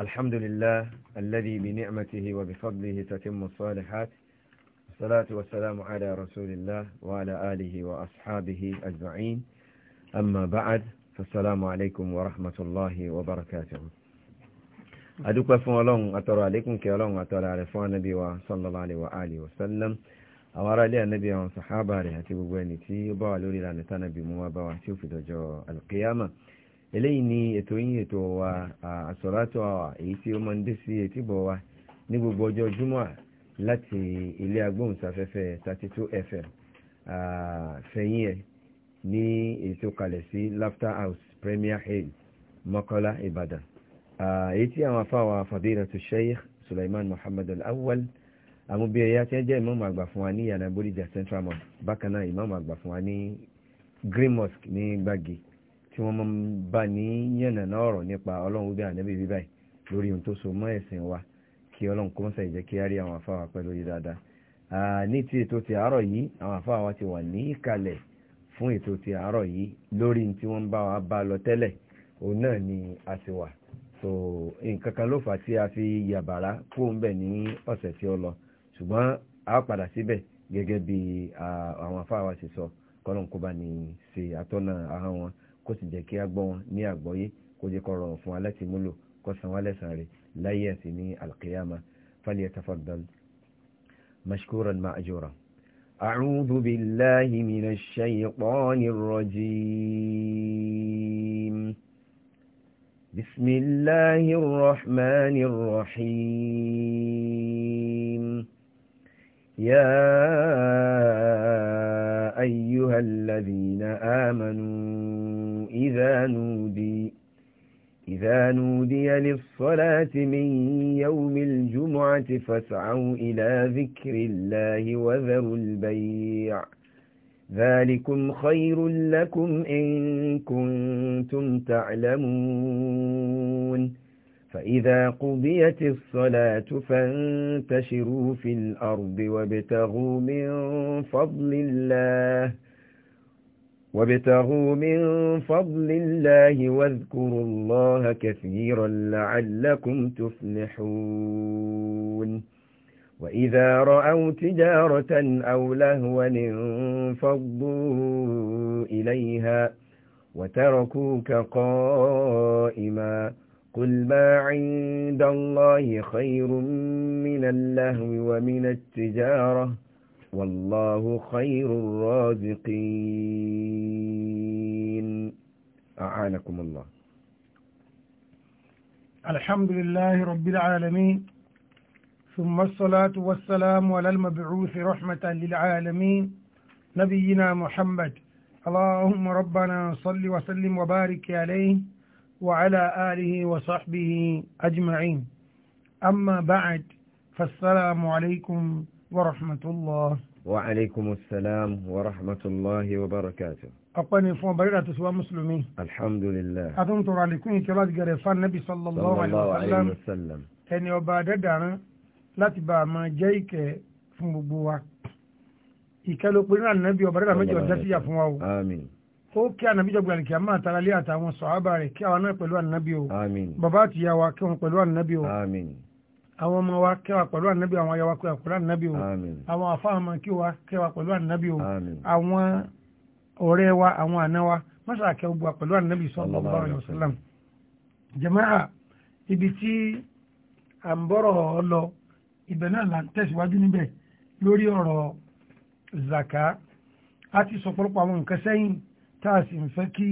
الحمد لله الذي بنعمته وبفضله تتم الصالحات الصلاة والسلام على رسول الله وعلى آله وأصحابه أجمعين أما بعد فالسلام عليكم ورحمة الله وبركاته أدوك فون لون أترى عليكم كي لون أترى على فون نبي صلى الله عليه وآله وسلم أورا لي النبي وصحابه رهتي بوينتي وبالوري لأن تنبي موابا وحسيو في دجو القيامة eléyìí ni ètò yín ètò wa àsọ̀rọ̀tọ̀ èyí tí ó máa ń dé sí etíbọ̀ wa ní gbogbo ọjọ́ júmọ́ láti ilé agbóhùnsáfẹ́fẹ́ 32 FM fẹ̀yìn ẹ̀ ní èyí kalẹ̀ sí laughter house premier hill mọ́kọ́lá ìbàdàn èyí tí àwọn afáwà fadilatu sheikh suleiman muhammad al-awwal amúbíyẹyà tí wọ́n jẹ́ ìmáàmù àgbà fún wa ní yàrá bódìjà central mosque bákan náà ìmáàmù àgbà fún wa ní green mosque ní gbàgì tí wọ́n máa ń bá ní yànnàná ọ̀rọ̀ nípa ọlọ́run bí ànábì bí báyìí lórí ohun tó so mọ́ ẹ̀sìn wa kí ọlọ́run kó mọ́sà ìjẹ́ kí á rí àwọn afáwà pẹ̀lú yìí dáadáa ní ti ètò ti àárọ̀ yìí àwọn afáwà ti wà ní ìkàlẹ̀ fún ètò ti àárọ̀ yìí lórí tí wọ́n bá wa bá lọ tẹ́lẹ̀ òun náà ni a ti wà so nǹkan kan ló fà tí a fi yàbàrá kó ń bẹ̀ ní ọ̀sẹ̀ tí ó lọ ṣùgbọ́n a padà síbẹ̀ gẹ́gẹ́ bí àwọn afáwà ti sọ kọ́lọ́n kó sì jẹ́ kí a gbọ́ wọn ní àgbọ́yé kó jẹ́ kó rọrùn fún wa láti múlò kó san wá lẹ́san rẹ̀ láyé àti ní alkiyama falyatafaddal mashkuran ma'jura. أعوذ بالله من الشيطان الرجيم بسم الله الرحمن الرحيم يا أيها الذين آمنوا إذا نودي إذا نودي للصلاة من يوم الجمعة فاسعوا إلى ذكر الله وذروا البيع ذلكم خير لكم إن كنتم تعلمون فإذا قضيت الصلاة فانتشروا في الأرض وابتغوا من فضل الله وابتغوا من فضل الله واذكروا الله كثيرا لعلكم تفلحون وإذا رأوا تجارة أو لهوا انفضوا إليها وتركوك قائماً قل ما عند الله خير من اللهو ومن التجارة والله خير الرازقين أعانكم الله الحمد لله رب العالمين ثم الصلاة والسلام على المبعوث رحمة للعالمين نبينا محمد اللهم ربنا صل وسلم وبارك عليه وعلى آله وصحبه أجمعين أما بعد فالسلام عليكم ورحمة الله وعليكم السلام ورحمة الله وبركاته أقني فون بريرة سوى مسلمين الحمد لله أظن ترى لكم كرات قريفان النبي صلى الله, عليه وسلم, عليه وسلم. أن يبادد láti bá a máa jẹ́ ìkẹ́ fún gbogbo wa ìkẹ́ ló pe ní ànábì ọ̀bẹ̀rẹ̀ làmẹ́jọ ó kí ànábí jọ gbìyànjú kí a máa tara lé àtàwọn sọ̀hábà rẹ̀ kí àwọn náà pẹ̀lú ànábí o bàbá àti ìyá wa kí wọn pẹ̀lú ànábí o àwọn ọmọ wa kẹwà pẹ̀lú ànábí àwọn aya wa kẹwà pẹ̀lú ànábí o àwọn àfáàmọ́ kí wa kẹwà pẹ̀lú ànábí o àwọn ọ̀rẹ́ wa àwọn àná wa mọ́sàá kẹwà gbà pẹ̀lú ànábí sallallahu alaihi wasallam tá a sì ń fẹ́ kí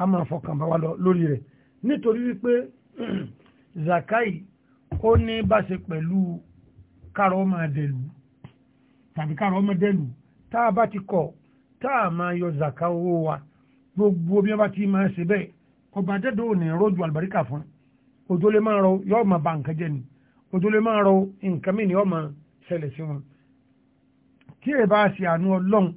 a máa fọkàn bá wa lọ lórí rẹ̀ nítorí wípé zakai ó ní báṣe pẹ̀lú kárọ̀ máa dẹ̀lú tàbí kárọ̀ máa dẹ̀lú tá a bá ti kọ̀ tá a máa yọ zaka owó wa gbogbo bí wọ́n bá ti máa ṣe bẹ́ẹ̀ ọba dẹ́dọ̀ ò ní rọ́jò àlùbáríkà fún òjò lè máa rọ yọ́ọ́ máa ba nǹkan jẹ́ ni òjò lè máa rọ nǹkan mìíràn yọ́ọ́ ṣẹlẹ̀ sí wọn kí ẹ bá ṣe àánú ọlọ́run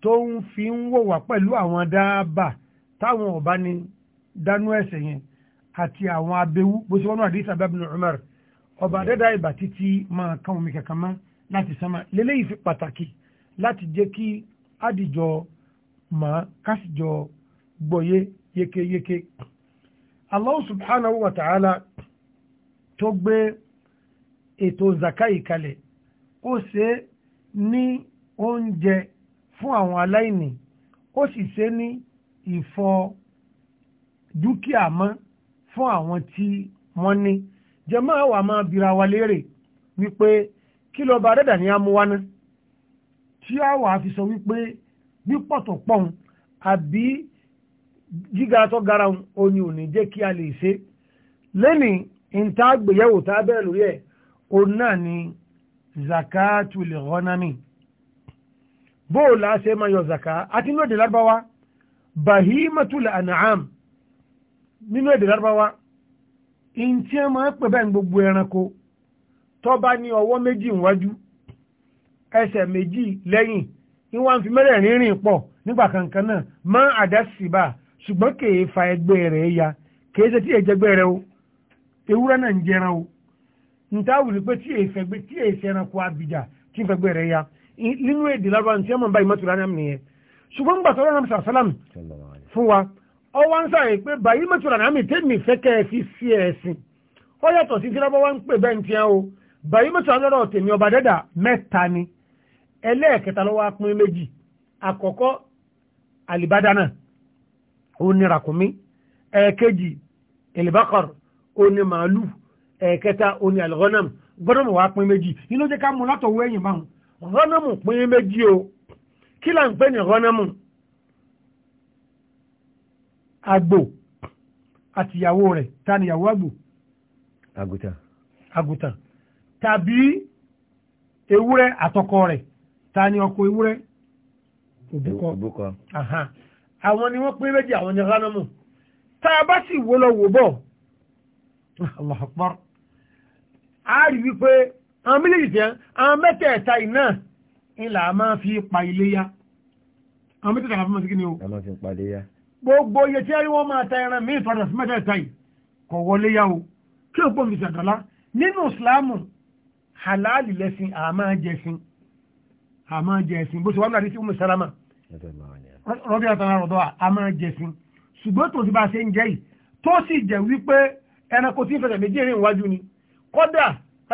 tó ń fi ń wò wá pẹ̀lú àwọn dáàbà táwọn ọba ni dánú ẹ̀sẹ̀ yẹn àti àwọn abẹ́wú bó ṣe wọ́n àdìsí abẹ́bùnú Umar ọba àdẹ́dá hmm. ìbà títí máa kàn omi kankan mọ́ láti sánmà lélẹ́yìí fi pàtàkì láti jẹ́ kí àdìjọ màá kásìjọ gbọ́yé yékéyéké. Allah subhanahu wa ta'ala tó gbé ètò zakai kalẹ̀ ó ṣe ní oúnjẹ fún àwọn aláìní ó sì ṣe ní ìfọ dúkìá mọ́ fún àwọn tí wọ́n ní jẹ́mọ́ àwa máa bira wa léèrè wípé kí ló bá dẹ́dà ní amúwáná tí àwa fi sọ wípé pípọ̀tọ̀ pọ̀n àbí gíga tó gara òní òní jẹ́ kí a lè ṣe lẹ́ni ìta gbèyẹ̀wò tá a lórí ẹ̀ òun náà ni zakatul ghanami. bola sai ma yau zaka a tinu da larbawa bahimatul an'am nino da larbawa in ti ma pe ben gbogbo eranko to ba ni owo meji nwaju ese meji leyin ni wan fi mere rin po nigba kankan na ma adasi ba sugbon ke fa egbe re ya ke se ti e re o ewura na njera o nta wuri pe gbe ti e se ranko abija ti fe ya nínú èdè lárúbáwá tí wọ́n mọ̀ báyìí mọ́tò lánàá nìyẹn ṣùgbọ́n gbàtọ́ lọ́nà mọ́tò sàlám fún wa ọwọ́ ń sàrè pé báyìí mọ́tò lánàá mi tẹ́mi fẹ́ kẹ́ ẹ fi sí ẹ̀sìn ó yàtọ̀ sí tí lárúbáwá ń pè bẹ́ẹ̀ ti hàn o báyìí mọ́tò lọ́rọ̀ tèmi ọba dẹ́dà mẹ́ta ni ẹlẹ́ẹ̀kẹta lọ́wọ́ apin méjì àkọ́kọ́ àlìbádánà ó ní ìlìbákọ̀r ó ní màálù gbọ́dọ̀ mọ̀ wá apin méjì nínú jẹ́ ká mú látọ̀wọ́ ẹ̀yìn báwọn rọ́nàmù pín méjì o kí là ń pè ní rọ́nàmù àgbò àtìyàwó rẹ̀ ta níyàwó àgbò àgùtàn àgùtàn tàbí ewúrẹ́ àtọkọ rẹ̀ ta ni ọkọ ewúrẹ́ òbúkọ àwọn ni wọ́n pín méjì àwọn ni rọ́nàmù tá bá sì wó lọ a rí wípé àwọn méjèèjì jẹ́ àwọn mẹ́tẹ̀ẹ̀ta iná ìlà máa fi pa iléyá àwọn mẹ́tẹ̀ẹ̀ta máa fi kí ni o gbogbo iye tí wọ́n máa ta ẹran míì tọ́jà sí mẹ́tẹ̀ẹ̀ta yìí kò wọlé yá o kí o pòmì ìṣàdọ́lá nínú ìsìláàmù halali lẹ́sìn àmá jẹ́sìn àmá jẹ́sìn bó ṣe wọ́n láti sí umu salama rọ́bí àtàrà rọ̀dọ́ àmá jẹ́sìn ṣùgbọ́n tó ti bá ṣe ń jẹ́ yìí tó sì jẹ́ wípé ẹranko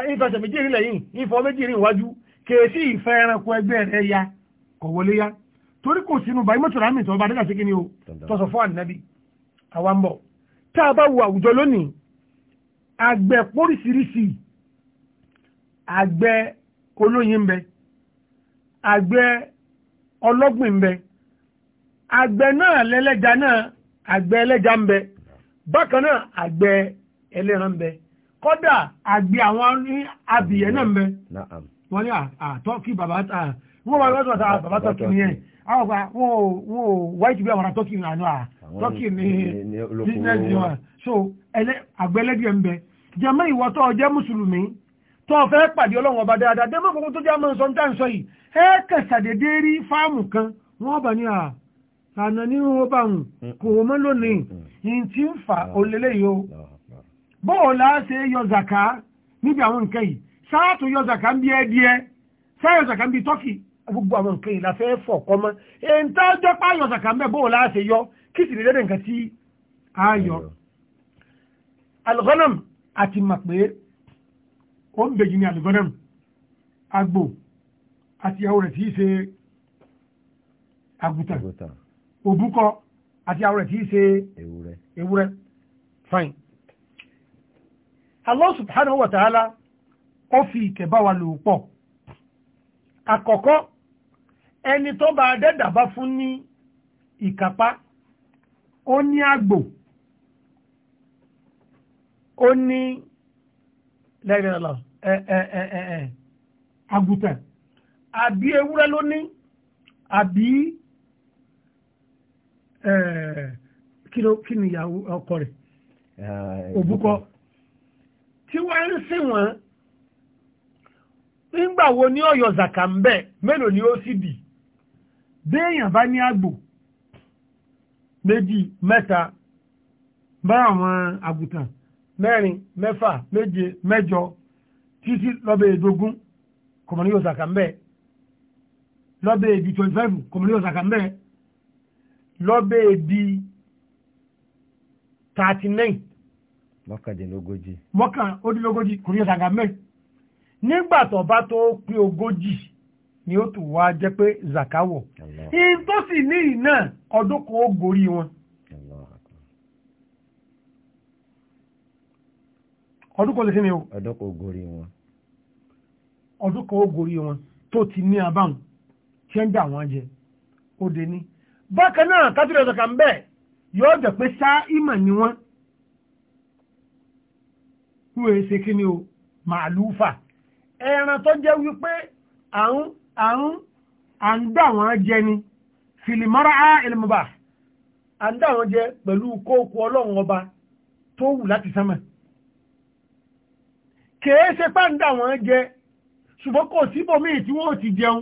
ìfẹsẹ̀ méjì rí lẹ́yìn ìfọ méjì rí iwájú kèsì ìfẹ́ ẹranko ẹgbẹ́ rẹ ya kò wọlé ya torí kò sínú báyìí mọ́tò rámì tó bá dé kàṣí kíni o tọ́sọ̀ fún ànábì àwa ń bọ̀ tá a bá wo àwùjọ lónìí àgbẹ̀ póríṣiríṣi àgbẹ̀ olóyin bẹ àgbẹ̀ ọlọ́gbìn bẹ àgbẹ̀ náà lẹ́lẹ́ja náà àgbẹ̀ ẹlẹ́ja ń bẹ bákan náà àgbẹ̀ ẹlẹ́ran ń kọ́dà àgbẹ̀ àwọn abìyẹ náà mẹ́ wọ́n ní àtọ́kì bàbá wọ́n wá lọ́dọ̀ àtà bàbá tọ́kì nìyẹn àwọn ọba wọn ò wọn ò wáyé tìbí àwọn tọ́kì nìyẹn àná tọ́kì ní bísínẹ́sì wọn so àgbẹ̀lẹ́dìẹ̀ ń bẹ jẹ́mọ́ ìwọ tó jẹ́ mùsùlùmí tó fẹ́ pàdé ọlọ́run ọba dáadáa dẹ́mọ́ gbogbo tó jẹ́ àmọ́ sọ níta sọ yìí ẹ kẹsàdédé rí fáàmù kan wọ́n bá ní à àná ní wọ́n bá ń mm. kò mọ́ lónìí mm. ah. yìí ti ń fa òlélẹ́yìí o ah bóòlá ṣe yọ zaka níbi àwọn nǹkan yìí sáàtò yọ zaka ń bí ẹdíẹ sáyọ zaka ń bí tọ́kì gbogbo àwọn nǹkan yìí la fẹ́ fọ̀ kọ́mọ́ èyí tá a jọ pa yọ zaka ń bẹ bóòlá ṣe yọ kí sì ní lẹ́dẹ̀ nǹkan tí a yọ. alugọ́nàm àti mà pé ó ń bèjì òbúkọ àti ìyàwó rẹ̀ tí í ṣe ewúrẹ́ fine. Allah subhanahu wa ta'ala ó fi ìkẹ̀bá wa lò pọ̀ àkọ́kọ́ ẹni tó bá dẹ́dà bá fún ní ìkàpá ó ní àgbò ó ní lẹ́gbẹ̀rẹ̀ àgùtàn àbí ewúrẹ́ ló ní àbí kí ni ìyàwó ọkọ rẹ̀ òbúkọ. Uh, tí wọ́n ń sìn wọ́n nígbà wo ni ọ̀yọ̀ zàkà ń bẹ̀ mélòó ni ó sì dì béèyàn bá ní àgbò méjì mẹ́ta bá àwọn àgùntàn mẹ́rin mẹ́fà méje mẹ́jọ títí lọ́bẹ̀ èdógún kọ̀mọ̀ní yóò zàkà ń bẹ̀ lọ́bẹ̀ èdè twenty five kọ̀mọ̀ní yóò ń bẹ̀ lọ́bẹ̀ èdè thirty mọ́kàndínlógójì. mọ́kàndínlógójì kò ní ọ̀sàgà mẹ́rin nígbà tó bá tó pé ogójì ni ó tún wá jẹ́ pé zakawọ̀ in tó sì ní ìná ọdún wọn. ọdún kan o. ọdún kan ó gorí wọn. ọdún kan tó ti ní abáhùn tí ń dà jẹ bákan náà kájú rẹ̀ yóò jẹ́ pé ìmọ̀ ni wọ́n. tí ó e ṣe kí ni o màálùfà ẹran tó jẹ́ wípé àrùn àrùn àǹdà wọn jẹ ni filimara ilmọba àǹdà wọn jẹ pẹ̀lú kóòkù ọlọ́run ọba tó wù láti sánmà kèé ṣe pàǹdà wọn jẹ ṣùgbọ́n kò síbò míì tí wọ́n ti jẹun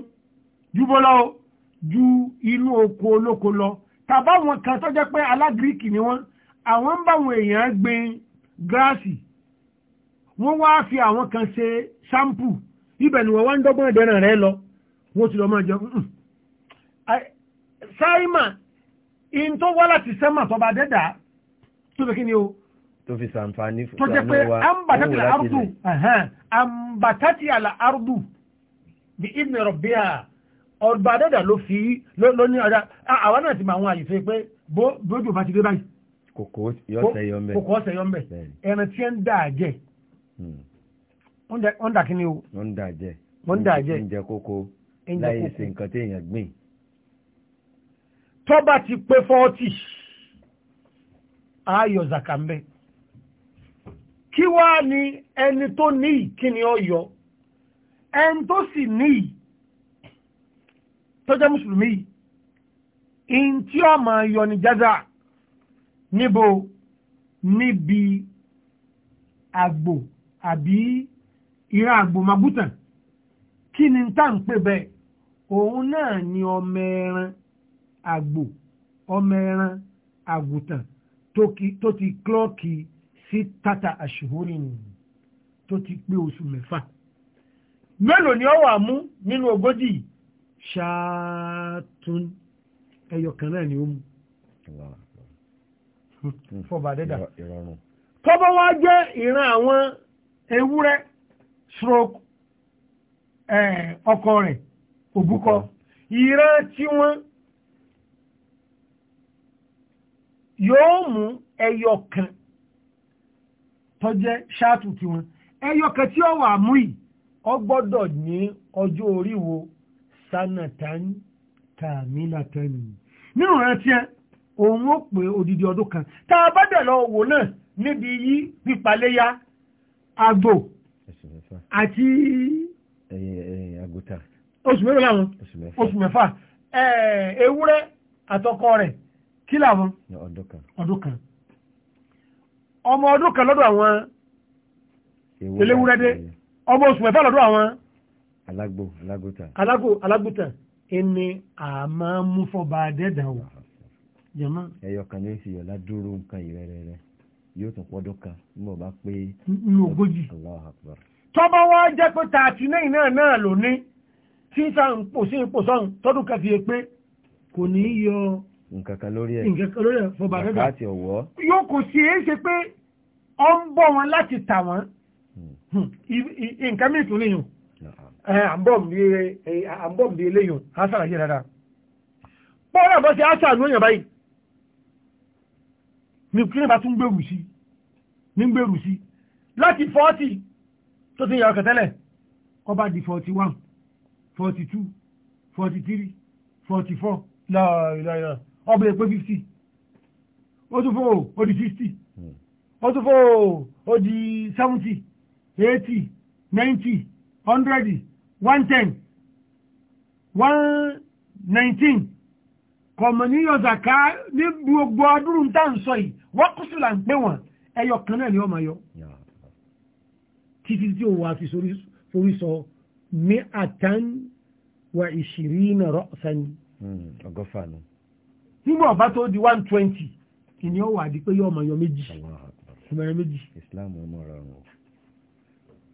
jùbọ́ ju inú oko olóko lọ tàbáwọn kan tó jẹ́ pé alágíríkì ni wọ́n àwọn ń báwọn èèyàn gbin gíráàsì wọ́n wá fi àwọn kan ṣe ṣámpù ibẹ̀ ni wọ́n wá ń dọ́gbọ́n ìdẹ́ràn rẹ lọ wọ́n ti lọ máa jẹ sáìmà in tó wá láti sẹ́mà tọba dẹ́dà tó fi kí ni o tó fi sàǹfààní fún wa ardu ambatati ala ardu bi idni rabbiha ọba dẹ́dà ló fi ló ní ọjà àwọn náà ti máa wọn àyè tó pé bójú bá ti dé báyìí kòkó ọ̀sẹ̀ yọ̀ ń bẹ̀ ẹran ń dà jẹ́ wọ́n hmm. dà kí ni o. wọ́n dà jẹ. wọ́n dà jẹ. oúnjẹ kókó láyé ṣe nǹkan téèyàn gbìn. tó bá ti pé fọ́ọ̀tì ayọ̀ zaka ń bẹ. kí wàá ní ẹni tó ní ìkíni ọ̀yọ́ ẹni tó sì ní ì tó mùsùlùmí yìí tí ó ma yọ ní jaza níbo níbi àgbò àbí ìran àgbòmagútàn kí ni tá ń pè bẹ́ẹ̀ òun náà ni ọmọ ẹran àgbò ọmọ ẹran àgùtàn tó ti klọ́ọ̀kì sí tata àṣùhórí nìyí tó ti pé oṣù mẹ́fà mélòó ni ọ wà mú nínú ogójì ṣáàtún ẹyọ kan náà ni ó mú fọba dẹ́dà tọ́bọ̀ wá jẹ́ ìran àwọn ewúrẹ́ stroke eh, ọkọ rẹ̀ òbúkọ ìran tí wọ́n yóò mú ẹyọ kan tó jẹ́ ṣáàtù tiwọn tí ó wà mú ọ gbọdọ ní ọjọ́ orí wo sanatani kamilatan nínú rántí ẹ òun ó pè odidi ọdún kan taa a dẹ̀ lọ wò náà níbi yí pípaléyá agbo àti oṣù mẹ́fà làwọn oṣù mẹ́fà ewúrẹ́ àtọkọ rẹ̀ kí làwọn ọdún kan ọmọ ọdún kan lọ́dọ̀ àwọn eléwúrẹ́dé ọmọ oṣù mẹ́fà lọ́dọ̀ àwọn alágbòtà alágbò mú fọba ẹyọ kan ní nǹkan yóò tún pọ́dún kan nígbà bá pé. ní ogójì tọ́bọ̀ wá jẹ́ pé tààtì náà náà náà lò ní tí sàn pò sí ipò sọ́hun tọ́dún kan fi yé pé kò ní í yọ nǹkan kan lórí ẹ̀ nǹkan kan lórí ẹ̀ fọba rẹ̀ gà yóò kò sí é ṣe pé ọ ń bọ̀ wọn láti tà wọ́n hmm. Hmm. nǹkan mìíràn tún níyàn àbọ̀m̀bí eléyàn á sàlàyé dáadáa pọ́ọ́nà bọ́ sí báyìí ní kí ní bá tún gbèrú sí ní gbèrú sí láti 40 tó ti yàrá kẹtẹ́lẹ̀ kọ́ bá di 41 42 43 44 láàrínláà ọbẹ̀ èpé 50 ó tún fò ó di 60 ó tún fò ó di 70 80 90 100 110 119 kọ̀mọ̀ ní yọ̀zàká ní gbogbo ọdún tá ń sọ yìí wọ́n kú sí là ń ẹyọ kan náà ni ọmọ yọ títí tí òun wá fi sórí sọ ní àtàn wa ìṣìrìnà rọ́ọ̀sán hmm, ọgọ́fà ni nígbà ọba tó di one twenty ìní ọ wà di pé yọ ọmọ yọ méjì ọmọ méjì. islam ọmọ rẹ ọrùn.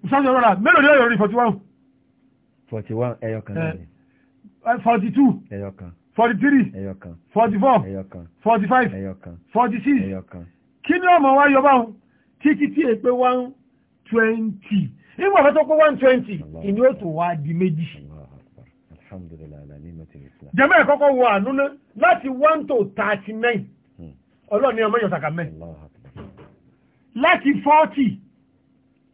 ìsájọ rọra mélòó ni ọyọ rí forty one. forty one ẹyọ kan náà ni. Eh, forty two. ẹyọ kan forty three forty four forty five forty six kí ni ọmọ wa yọ báwọn títí tí è pé one twenty nígbà tó tó pé one twenty ìní ó wa di méjì. jẹ́mọ́ ẹ̀ kọ́kọ́ wọ àánú náà láti one to thirty nine hmm. ọlọ́ọ̀ni ọmọ yọ̀ọ̀ta kà mẹ́ láti forty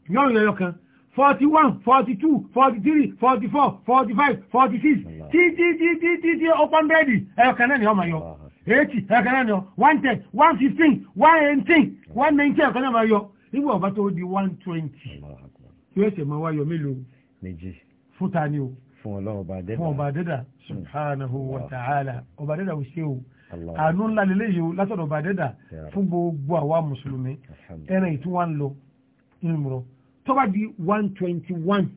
yọ̀ọ̀yọ̀ kan forty one forty two forty three forty four forty five forty six tí tí tí tí tí Open hundred ẹ̀ẹ̀kan náà ni ọmọ yọ eighty ẹ̀ẹ̀kan náà ni ọ one ten one fifteen one eighteen one nineteen ẹ̀ẹ̀kan náà máa yọ nígbà ọba tó di one twenty yóò ṣe máa wáyọ mélòó méjì fún ta ni o fún ọba dẹ́dà hmm. subhanahu wa ta'ala ọba dẹ́dà ò ṣe o àánú ńlá lélẹ́yìí o látọ̀dọ̀ ọba dẹ́dà fún gbogbo àwa mùsùlùmí ẹran ìtúwà ń lọ ń rọ tó di one twenty one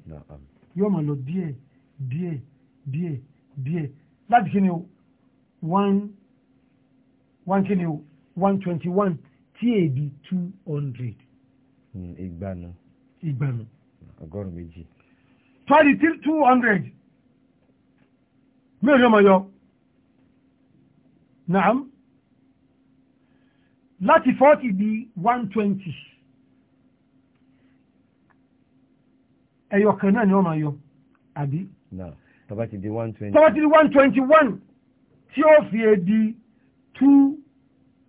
yóò máa lọ díẹ̀ díẹ̀ díẹ̀ díẹ̀ láti kí ni o one one kí ni o one twenty one tí èdè two hundred. Hmm, ìgbàanu. ìgbàanu. ọgọ́rùn-ún méjì. twenty three two hundred mẹ́rin ọmọ yọ naam láti forty di one twenty. ẹyọ kan náà ni wọ́n máa yọ àbí. tọ́ba di one twenty. one twenty one tí ó fi è di two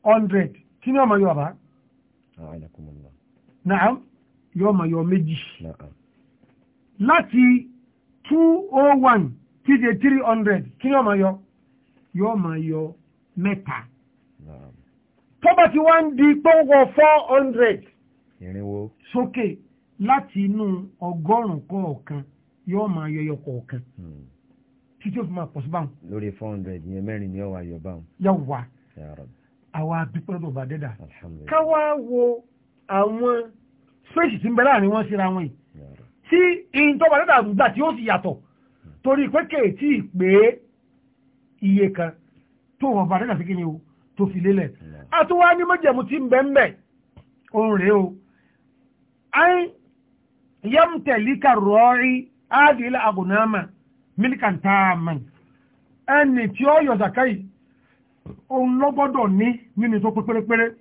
hundred kí ni wọ́n máa yọ àbá. Ah, naam yọ máa yọ méjì. láti two oh one ti di three hundred kí ni wọ́n máa yọ yọ máa yọ mẹ́ta. tọ́ba wá ń di pọ́ńkọ four hundred. irinwó. sókè. okay láti inú ọgọ́rùn-ún kọ̀ọ̀kan yóò máa yọyọ kọ̀ọ̀kan hmm. títí ó fi máa pọ̀ sí báwọn. lórí four hundred yẹn mẹ́rin ni ó wà yọ báwọn. yóò wà àwa dúpẹ́ lọ́dọ̀ bá dẹ́dà káwá wo àwọn fèsì tí ń bẹ láàrin wọn síra wọn yìí tí ìyìn tó bá dẹ́dà gbà tí ó sì yàtọ̀ torí pé kéètì pé iye kan tó wọ̀ bá dẹ́dà sí kíni o tó fi lélẹ̀ àtúwá ní mọ́jẹ̀mú tí ń bẹ òun rèé o yam telika roi adila agunama milkan taman eni ti o yo zakai o lobodo ni ninu to pepepere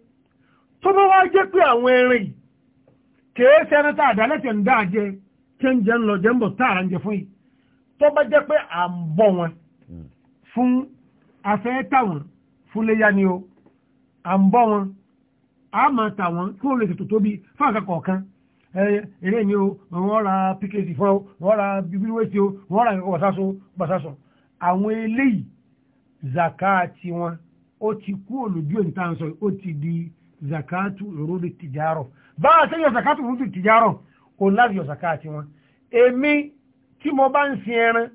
to ba wa je pe awon erin ke senata adalete ndaje kenje nlo jembo tara nje fun to ba pe ambo won fun afẹ tawon fun leya ni o ambo won ama tawon ko le to tobi fa kan eré ni o wọ́n ra pkc fún ọ wọ́n ra bíbíwèsì o wọ́n ra nǹkan wọ̀sáso gbàsásọ àwọn eléyìí zaka tiwọn ó ti kú olùdí òní tá à ń sọ ó ti di zakatu rúbi tìjárọ bá a sẹ́yìn zakatu rúbi tìjárọ kò láti yọ zaka tiwọn èmi tí mo bá ń sin ẹran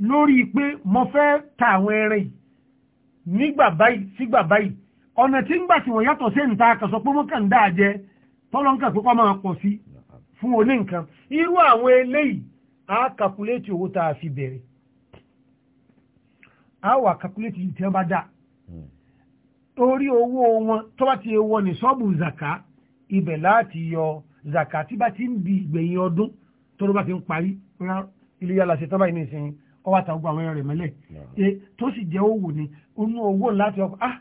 lórí pé mo fẹ́ ta àwọn ẹran yìí nígbà báyìí sígbà báyìí ọ̀nà tí ń gbà tí wọ́n yàtọ̀ sí ẹ̀ǹta kan sọ pé mo kàn dáa jẹ́ tọ́lọ́nkà tó kọ́ máa pọ̀ sí fún oní nǹkan irú àwọn eléyìí a kàkúlétì owó tá a fi bẹ̀rẹ̀ a wà kàkúlétì yìí tí bá dà hmm. orí owó wọn tó bá ti wọ ní sọ́ọ̀bù zaka ibẹ̀ láti yọ zaka tí bá ti ń di ìgbẹ̀yìn ọdún tó ló bá ti ń parí ilé yàrá ṣe tọ́ba yìí nìsín ọwọ́ àtàwọn àwọn ẹ̀rọ mẹ́lẹ̀ hmm. e, tó sì jẹ́ owó ni onú owó láti ọkọ̀ ah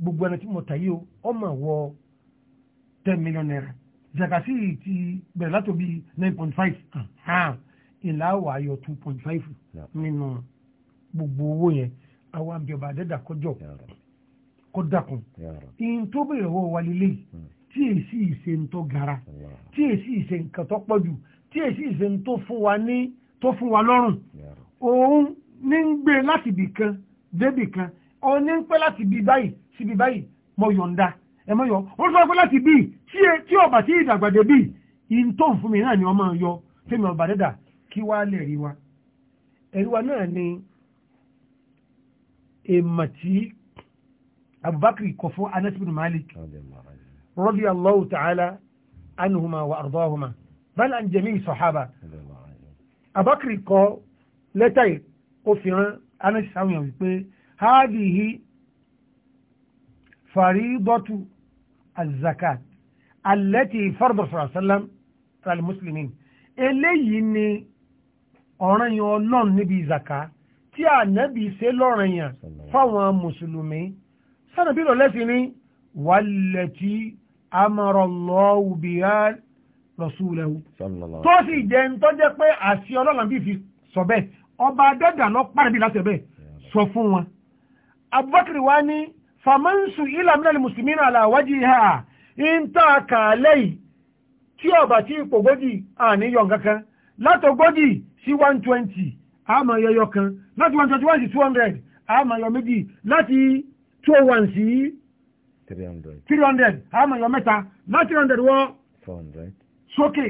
gbogbo ẹni tí mo tà yìí ọmọ wọ ten million naira zakasi ti bẹ̀rẹ̀ látò bí nine point five hmm. ah, ìlà wà ayọ̀ two point five nínú gbogbo owó yẹn àwọn àbíọ̀bà àdẹ́dà kọjọ kó dákun ìyẹn tó bẹ̀rẹ̀ wọ wa lílé hmm. tí èsì ìṣe ń gara tí èsì ìṣe nǹkan tó pọ̀ jù tí èsì ìṣe ń tó fún wa ní tó fún wa lọ́rùn òun ní ń gbé láti bì kan débì kan òun ní ń pẹ́ láti bì báyìí síbi báyìí mọ̀ yọ̀ǹda ẹ mọ́ yọ ó sọ pé láti bí tí ọba tí ìdàgbàdé bí in tó ń fún mi náà ni ọmọ yọ tèmi ọba dẹ́dà kí wá lè rí wa ẹ̀rí wa náà ni èèmà tí Abubakar kọ fún Anas bin Malik radiyallahu ta'ala anhuma wa ardahuma bal an jami sahaba Abubakar kọ lẹ́tà yìí ó fi hàn Anas sáwọn yàn wípé hádìí fàrídọ́tù الزكاة التي فرض صلى الله عليه وسلم على المسلمين eléyìí ni ọ̀ranyàn ọlọ́run níbi ìzàká tí ànábì ṣe lọ́ranyàn fáwọn mùsùlùmí sànàbí lọ lẹ́sìn ní wàlẹ̀tí amọ̀rọ̀lọ́wù bí i rọ̀súlẹ̀wù tó sì jẹ́ ń tọ́jẹ́ pé àṣì ọlọ́run bí fi sọ bẹ́ẹ̀ ọba adẹ́dà lọ pàdébí láti ẹ̀bẹ̀ sọ fún wọn abubakar wa ní fàmánsù ìlàmìnàlì mùsùlùmí àlàwájì ha ń tà kààlẹ̀ yìí tí ọba tí ipò gójì àníyàn kankan látọgójì sí 120 àmà yọyọ kan láti 121 sí 200 àmà yọ méjì láti 201 sí 300 300 àmà yọ mẹ́ta láti 300 wọ 400 sókè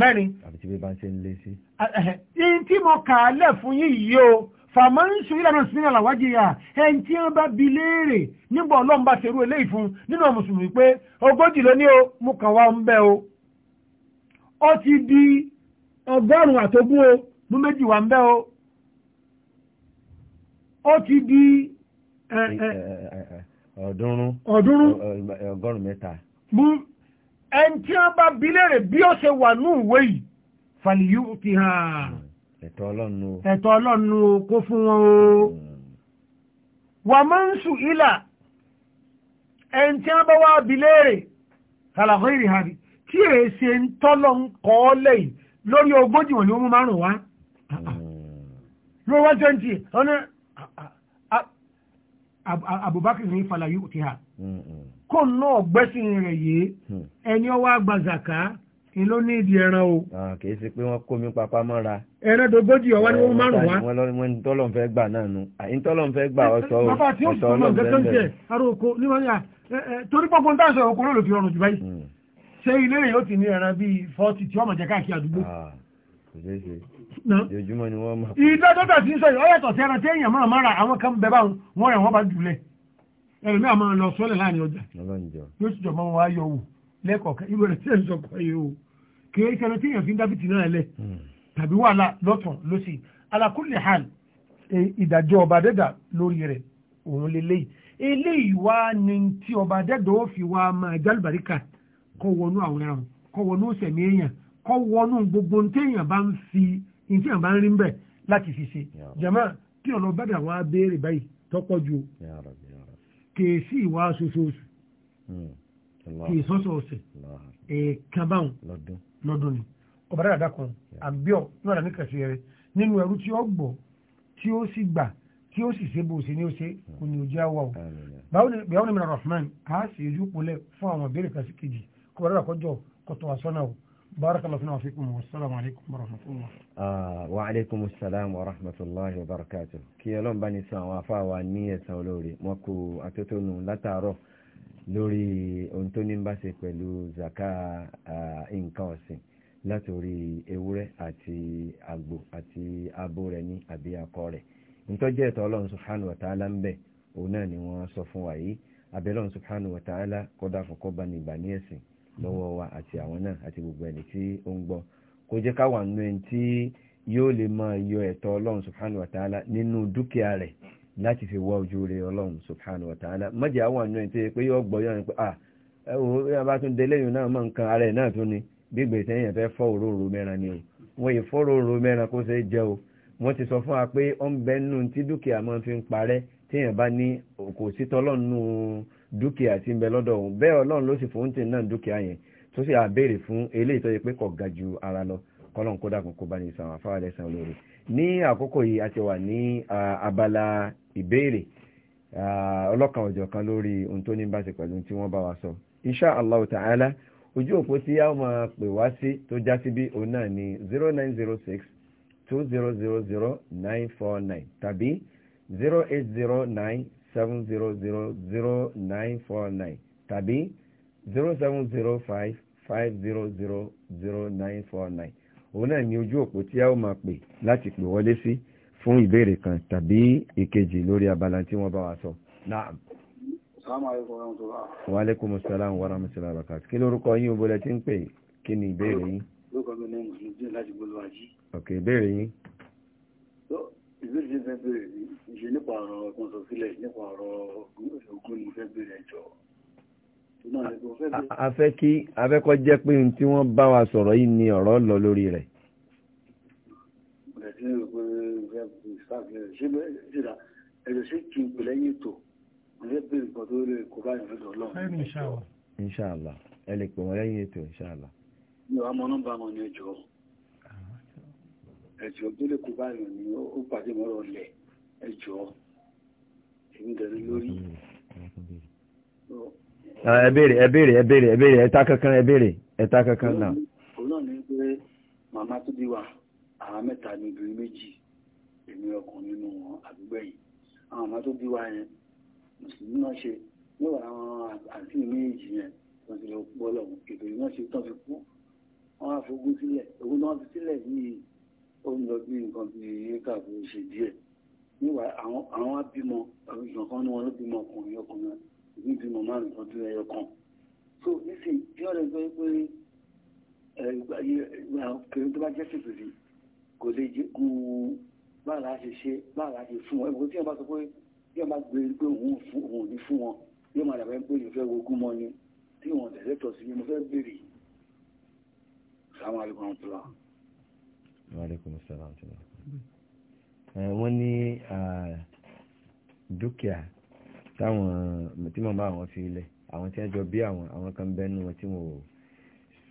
mẹ́rin àbí tí bí bá ń ṣe ń lé sí. ìyìn tí mo kààlẹ̀ fún yìí o fàmọ́nsù ìlànà ìsinmi àlàwájì yà ẹn tí wọ́n bá bi léèrè nígbà ọlọ́run bá ṣerú eléyìí fún nínú mùsùlùmí pé ogójì ló ní o mú kàn wá ń bẹ́ o ó ti di ọgọ́rùn-ún àtogún o mú méjì wá ń bẹ́ o ó ti di ọ̀ọ́dúnrún ọ̀ọ́dúnrún ọgọ́rùn-ún mẹ́ta ẹn tí wọ́n bá bi léèrè bí ó ṣe wà ní ìwé yìí fàlìyú ti hàn. ẹ̀tọ́ ọlọ́run o kó fún wọn o hmm. wà máa ń ilà ẹn tí wọ́n bá wá bi kàlàkọ́ ìrìhàbí tí è ṣe tọ́lọ ń kọ́ lórí ogójì wọn ni wọ́n mú márùn-ún wá ah, ah. hmm. ah, ha hmm, náà gbẹ́sìn rẹ̀ yé ẹni ọwọ́ ìlú ní ìdí ẹran o. kì í ṣe pé wọ́n kó mi papá mọ́ra. ẹran dogójì ọwọ́ ni wọ́n márùn wá. wọ́n lọ́ni wọ́n ní tọ́lọ́n fẹ́ gbà náà nu àyín tọ́lọ́n fẹ́ gbà ọ̀ṣọ́ o ọ̀ṣọ́ ọlọ́run bẹ́ẹ̀ bẹ́ẹ̀. torí pọ́pọ́n tá a sọ ọkọ̀ olóòtú ọ̀run jù báyìí hmm. ṣé ilé rẹ̀ yóò ti ní ẹran bíi fọ́ọ̀tì tí ọmọ jẹ́ káàkiri àdúgbò. ìjọjúmọ́ ah, ni wọ́n mọ̀. ìdájọ́ tà sí sọ ọ̀yàtọ̀ sí ẹran tí èèyàn máa máa àwọn kan bẹ báwọn wọ́n rẹ̀ wọ́n bá jùlẹ̀ ẹ̀rọ náà máa lọ sọ́lẹ̀ láàrin ọjà yóò sì jọ mọ́ wọn ayọ̀ wò lẹ́kọ̀ọ́kan ìwé rẹ̀ tẹ̀ ń sọkọ̀ yìí o kìí ṣe ẹni tí èèyàn fi ń dábìtì náà lẹ̀ hmm. tàbí wàhálà lọ́tọ̀ lọ́sì alákùnlé hàn e, ìdájọ́ ọba dẹ́dà lórí rẹ̀ òun lélẹ́yìí eléyìí wá ní tí ọba dẹ́dà ó fi wá máa jálùbáríkà kọ́ wọnú àwọn ẹran kọ́ wọnú sẹ̀mí èèyàn kọ́ wọnú gbogbo téèyàn bá ń fi téèyàn bá ń rí mbẹ̀ láti fi ṣe jàmá kí ọ̀nà ọba dẹ́dà wá béèrè báyìí tọ́pọ̀ ju kèésì wá ṣoṣooṣù hmm. kèésọ́sọ̀ọ̀sẹ̀ èèkan báwọn lọ́dún ni ọba dáadáa kan àbíọ̀ náà dání kẹsì rẹ nínú ẹrú tí ó gbọ́ tí ó sì gbà tí ó sì ṣe bó ṣe ni ó ṣe kò ní ojú àwa o báwo ni mìíràn rahman a sì ojú polẹ fún àwọn ìbéèrè kan sí kejì kó bá dáadáa kọjọ kọtọ àsọnà o barakallahu fina wa fikum wa salaamu ah, alaykum wa rahmatulah. wa aleykum salaam wa rahmatulah wa barakatuh kí ọlọ́run bá ní sọ àwọn afáwa ní ẹ̀sán olóore wọn kò àtẹ́tọ́nù látàárọ̀ lórí ohun tó ní bá ṣe pẹ̀lú zaka nǹkan ọ̀sìn látòrí ewúrẹ́ àti àgbò àti abo rẹ̀ ní àbí akọ rẹ̀ nítọ́jẹ́ ẹ̀tọ́ ọlọ́run subhanahu wa ta'ala ń bẹ̀ òun náà ni wọ́n sọ fún wa yìí abẹ́lọ́run subhanahu wa ta'ala kọ́dà fún kọ́ba ní ìgbà ní ẹ̀sìn lọ́wọ́ wa àti àwọn náà àti gbogbo ẹni tí ó ń gbọ́ kó jẹ́ ká ẹni tí yóò lè máa yọ ẹ̀tọ́ ọlọ́run subhanahu wa ta'ala nínú dúkìá rẹ̀ láti fi wá ojú rẹ ọlọ́run subhanahu wa ta'ala mọ́jà àwọn àánú ẹ̀ tó yẹ pé yóò gbọ́ yọrin pé ah ẹ wo bí a bá tún délé yìí náà mọ̀ nǹkan ara ẹ̀ náà tún ni bí gbèsè yẹn fẹ́ fọ́ òróró mẹ́ran ni o wọ́n yìí fọ́ òróró mẹ́ran kó ṣe é jẹ o wọ́n ti sọ fún wa pé ó ń bẹ nínú tí dúkìá máa fi ń parẹ́ téèyàn bá ní kò sí tọ́lọ́run nù dúkìá tí ń bẹ lọ́dọ̀ òun ní àkókò yìí a ti wà ní abala ìbéèrè ọlọ́kan ọ̀jọ̀ kan lórí ohun tó ní bá ṣe pẹ̀lú tí wọ́n bá wa sọ insha allah ta'ala ojú òpó tí a máa pè wá sí tó já sí bí òun náà ni 0906 2000949 tàbí 080970000949 tàbí 0705 5000949 òun náà ni ojú òpó tí a ó máa pè láti pè wọlé sí fún ìbéèrè kan tàbí ìkejì lórí abala tí wọ́n bá wa sọ. Naam. Wa alaikum salaam wa rahmatullahi wa barakatuh. Kí lórúkọ yín obìnrin tí ń pè kí ni ìbéèrè yín? Lórúkọ mi ní Mùsùlùmí láti gbólúwa jí. Ok, ìbéèrè yín. Ìbéèrè yín fẹ́ bèèrè ní ṣe nípa ọ̀rọ̀ ọkùnrin sọ A fe ki, ave kwa je kwen yon ti yon bawa soro yin ni oron lo lorire. El se ki mple yon tou, ane pwede pati mple kupa yon fredor lon. En shalwa. En shalwa. El ekwem len yon tou, en shalwa. Yo amon an bwa mwen yo jyo. El jyo pwede kupa yon ni oron lor le. El jyo. En mwen de lorine. Yo. ẹbẹ̀rẹ̀ ẹbẹ̀rẹ̀ ẹbẹ̀rẹ̀ ẹbẹ̀rẹ̀ ẹta kankan ẹbẹ̀rẹ̀ ẹta kankan náà. òun náà ní pé màmá tó bí wa àwọn mẹ́ta ní obìnrin méjì èmi ọkùnrin nínú àdúgbò yìí àwọn màmá tó bí wa yẹn mùsùlùmí náà ṣe níwọ̀n àwọn àǹtí méjì yẹn wọ́n ti lọ gbọ́ lọ́wọ́ ìbẹ̀rẹ̀ náà ṣe tán fi kú wọ́n á fogún sílẹ̀ ogun náà fi sílẹ̀ yìí ó bí nǹkan bí ní ti mọ̀ márùn ọdún ẹyọ kan so nísìn tí ọ̀rẹ́ gbọ́ pé ìgbà kẹrin tó bá jẹ́ sèpèrè kò lè jẹ́ kú báàlá ṣe ṣe báàlá ṣe fún wọn ẹ̀bùn tí wọ́n bá sọ pé bí wọ́n bá gbé pé òun ò ní fún wọn yóò máa dàbẹ́ pé ìfẹ́ ogún mọ́ ni tí wọ́n tẹ̀lé tọ̀ sí mo fẹ́ béèrè sàmúlò kan tó la. wọ́n ní dúkìá táwọn tí màmá àwọn fi ilẹ̀ àwọn tí wọ́n jọ bí àwọn àwọn kan bẹ́ẹ̀ wọn tí wọ́n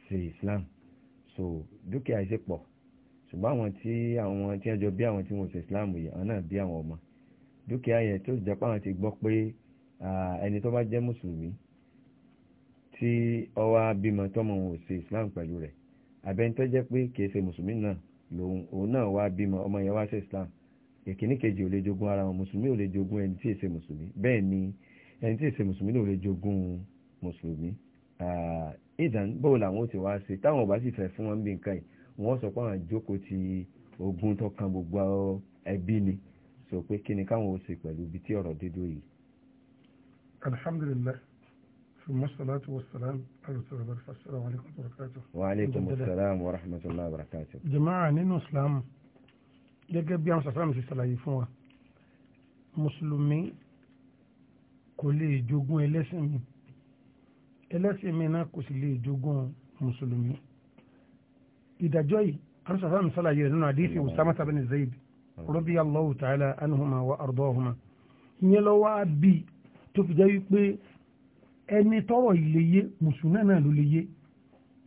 ṣe Islam so dúkìá ṣe pọ̀ ṣùgbọ́n àwọn tí àwọn tí wọ́n jọ bí àwọn tí wọ́n ṣe Islam yìí àwọn náà bí àwọn ọmọ dúkìá yẹn tó jẹ́ pàwọn ti gbọ́ pé ẹni tó bá jẹ́ mùsùlùmí tí ó wá bímọ wọn ò ṣe Islam pẹ̀lú rẹ̀ abẹ́ni tó jẹ́ pé kìí ṣe mùsùlùmí náà lòun òun náà wá bímọ ọmọ yẹn wá ṣe Islam ìkíní kejì ò lè jogún ara wọn mùsùlùmí ò lè jogún ẹni tí èsè mùsùlùmí bẹ́ẹ̀ ni ẹni tí èsè mùsùlùmí ò lè jogún mùsùlùmí ah, ìdán bóun làwọn ò ti wá ṣe táwọn ò bá sì fẹ́ fún wọn bí nǹkan yìí wọ́n sọ pé àwọn àjókòó ti ogún tó kan gbogbo ẹbí ni sọ pé kí ni káwọn ò ṣe pẹ̀lú ibi tí ọ̀rọ̀ dédó yìí. alhamdulilayi summa salatu wa salam alusoro salaam wa rahmatulahi wa barakatuh. jama'a nínú islam gẹ́gẹ́ bí àwọn sàfẹ́ràn ṣe ṣàlàyé fún wa mùsùlùmí kò lè jogún ẹlẹ́sìn mi ẹlẹ́sìn mi náà kò sì lè jogún mùsùlùmí ìdájọ́ yìí àwọn sàfẹ́ràn ṣàlàyé rẹ̀ nínú àdéhìí Usama bin Zaid radiyallahu ta'ala anhuma wa ardahuma ìyẹn lọ wá bí tó fi jẹ́ wípé ẹni tọrọ ìléyé mùsùlùmí náà ló léyé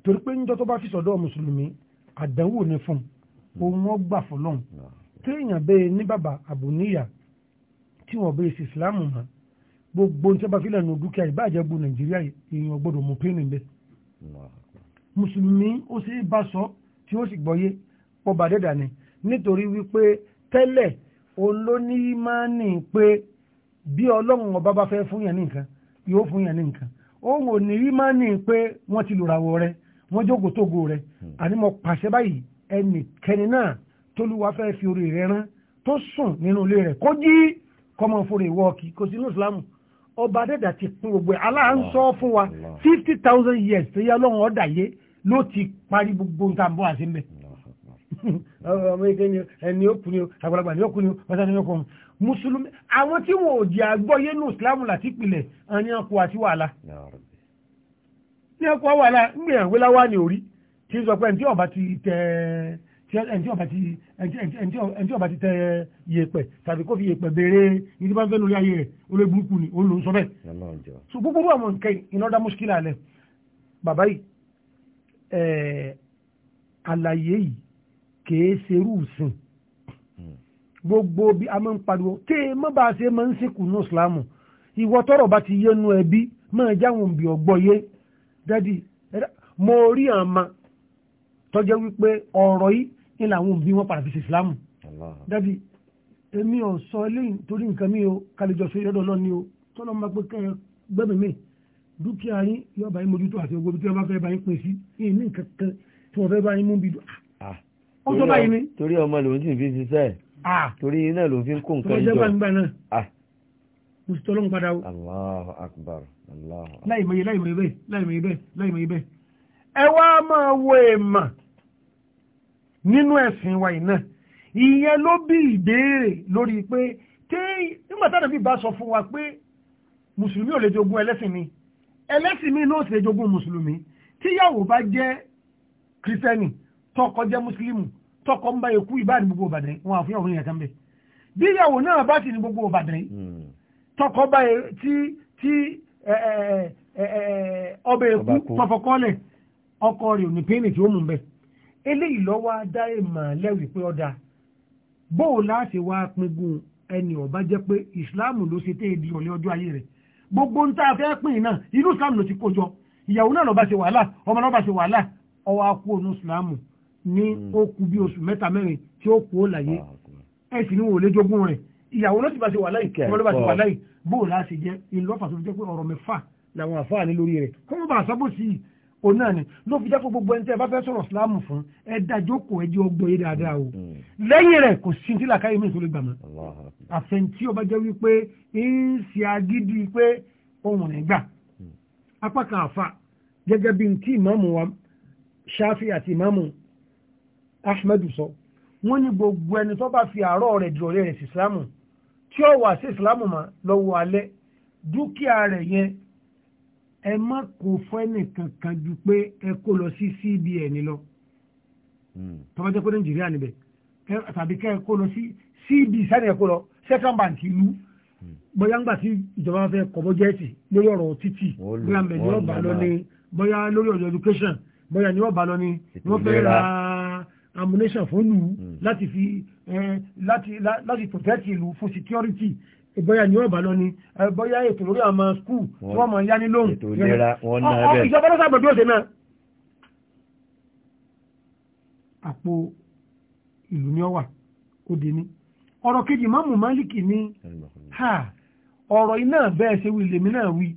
torí pé níjọ́ òun wọ́n gbà fọlọ́n téèyàn bẹ́ẹ̀ ní bàbá àbòníyà tí wọ́n bẹ́ẹ̀ sí ìsìláàmù mọ́ gbogbo tí wọ́n bá fílẹ̀ nù dúkìá ìbáàjẹ́ bu nàìjíríà èèyàn gbọ́dọ̀ mú pínlẹ̀ bẹ́ẹ̀. mùsùlùmí ó sì bá sọ tí ó sì gbọ́yé ọba dẹ́dà ni nítorí wípé tẹ́lẹ̀ olónímánì pé bí ọlọ́run ọba bá fẹ́ fún yàn ní yóò fún yàn ní òun ò ní pé wọ́n ti lòràwọ̀ rẹ wọ́n jókòó tógo rẹ hmm. àní mo pàṣẹ báyìí ẹnìkẹni náà tólúwa fẹ́ fi orí rẹ̀ rán tó sùn nínú ilé rẹ̀ kó jí kọmọ fúnra ìwọ ọkì kò sí ìsìlámù ọba dẹ́dà ti pín gbogbo ẹ̀ aláǹsọ́ fún wa fifty thousand years tó yá lọ́wọ́n ọ̀dà yé ló ti parí gbogbo nǹkan bọ́ àti mbẹ́ ọmọ ike ni ẹni ó kùn ni àgbàlagbà ni ó kùn ni pátá ni ó kùn mùsùlùmí àwọn tí wọn ò jẹ àgbọ́yé ní ìsìlámù láti pilẹ̀ ẹni ọkọ̀ àti wàhálà ní ọkọ̀ wàhálà ń gbìyànjú láwá ni orí tí ń sọ pé ẹ̀ntí ọba ti tẹ ẹ̀ntí ọba ti ẹ̀ntí ọba ti tẹ yèèpẹ̀ tàbí kó fi yèèpẹ̀ béèrè ìdí bá ń fẹ́ lórí ayé rẹ̀ olóògbúkú ni ó ló ń sọ bẹ́ẹ̀. so gbogbo àwọn nǹkan iná dá mọ́ṣíkìlà alẹ́ bàbá yìí àlàyé yìí kèé serú sìn hmm. gbogbo bí a máa ń pariwo kéè má bá ṣe máa ń sìnkú ní ìsìlámù ìwọ tọrọ bá ti yé ẹbí máa jáwọn òbí ọgbọ yé dádì mo rí àmà tọ́jẹ́ wípé ọ̀rọ̀ yìí ní làwọn òbí wọn padà fi ṣe ìsìlámù dábì èmi ò sọ eléyìí torí nǹkan mi o kálíjọ ṣe yọ́dọ̀ lọ ni o tọ́lọ́ máa pé kẹ́ẹ̀ gbẹ́mí mi dúkìá yín yóò bá yín mójútó àti ogbó tí wọ́n bá fẹ́ bá yín pín sí yín ní nǹkan kan tí wọ́n fẹ́ bá yín mú bí dùn. ọjọ́ ah, ah. báyìí ni. torí ọmọ lòun sì fi ṣiṣẹ́ ah. torí iná lòun fi ń kó nǹkan jọ. akbar Allahu akbar. láìmọye láìmọye bẹ́ẹ̀ láìmọye bẹ́ẹ̀ láìmọye ẹ wá máa wo èèmà nínú ẹ̀sìn wa iná ìyẹn ló bí ìbéèrè lórí pé tí nígbàtàdà bí bá sọ fún wa pé mùsùlùmí ò lè jogún ẹlẹ́sìn mi ẹlẹ́sìn mi náà sì lè jogún mùsùlùmí tíyàwó bá jẹ́ kìrìsẹ́nì tọkọ jẹ́ mùsùlùmí tọkọ ń bá ikú ìbáàdì gbogbo ìbàdàn wọn àfihàn òun yẹn kan bẹ́ẹ̀ bíyàwó náà bá sì ní gbogbo ìbàdàn hmm. tọkọ bá tí tí ọbẹ̀ ikú tọfọkọ́lẹ̀ ọkọ rẹ̀ ò ní pínlẹ̀ tí ó mú bẹ́ẹ̀ eléyìí lọ́wọ́ dá èèmọ̀ lẹ́wì pé ọ̀dà bóò láti wá pingun ẹni ọ̀bá jẹ́ pé ìsìláàmù ló ṣe téèdì ọ̀lẹ́ ọjọ́ ayé rẹ̀ gbogbo ń tá a fẹ́ pín náà inú ìsìláàmù ló ti kó jọ ìyàwó náà lọ́ba ṣe wàhálà ọmọ náà lọ́ba ṣe wàhálà ọwọ́ akú onú ìsìláàmù ní hmm. ó kù oṣù mẹ́ta mẹ́rin tí ó kú ó láyé ẹ̀sìn ni wòlé jogún rẹ̀ ìyàwó náà ti bá ṣe wàhálà yìí ọmọ lọ́ba ṣe wàhálà yìí bóò láti jẹ́ ìlọ́fà tó fi jẹ́ pé ọ̀rọ̀ mẹ́fà làwọn àfáà ní lórí rẹ̀ kọ́mọ́ bá òun náà ni ló fi jẹ́ kó gbogbo ẹni tẹ́ ẹ bá fẹ́ sọ̀rọ̀ sílámù fún ẹ dájókòó ẹ jẹ́ ọgbọ́n yé dáadáa o hmm. lẹ́yìn rẹ̀ kò sí ti làkàyè mi tó lè gbà mọ́ àfẹ̀ǹtì ọba jẹ́ wípé ń ṣe agídí pé ohun rẹ̀ gbà hmm. apá kan àfa gẹ́gẹ́ bí ti ìmáàmù wa ṣáfì àti ìmáàmù ahmed sọ wọ́n ní gbogbo ẹni tó bá fi àárọ̀ rẹ̀ dìrọ̀lẹ́ rẹ̀ sí ìsìlámù tí ó wà sí ìsìlámù mọ́ lọ́wọ́ alẹ́ dúkìá rẹ̀ yẹn ẹ má kó fẹ́nì kankan ju pé ẹ kó lọ sí CBN lọ hmm. tọ́ba jẹ́ pé nàìjíríà níbẹ̀ tàbí kẹ́ ẹ kó lọ sí CB sani ẹ kó lọ Central Bank ìlú hmm. bóyá ńgbà tí ìjọba fẹ́ kọ́ bọ́jẹ́ẹ̀tì lórí ọ̀rọ̀ títì bóyá mbẹ̀ ni wọ́n bá lọ ní bóyá lórí ọ̀rọ̀ education bóyá ni wọ́n bá lọ ní wọ́n fẹ́ ra ammunition fún lù hmm. láti fi láti protect ìlú fún security ìbọyá ni ọba lọ ni bọyá ètò lórí àwọn skul tí wọ́n mọ̀ ń yá ní lóhùn ìjọba ló sábà dúró sí náà. àpò ìlú ni ọ wà ó di ní ọ̀rọ̀ kejì mọ́mù máàlìkì ní ọ̀rọ̀ iná bẹ́ẹ̀ ṣe wí lèmi náà wí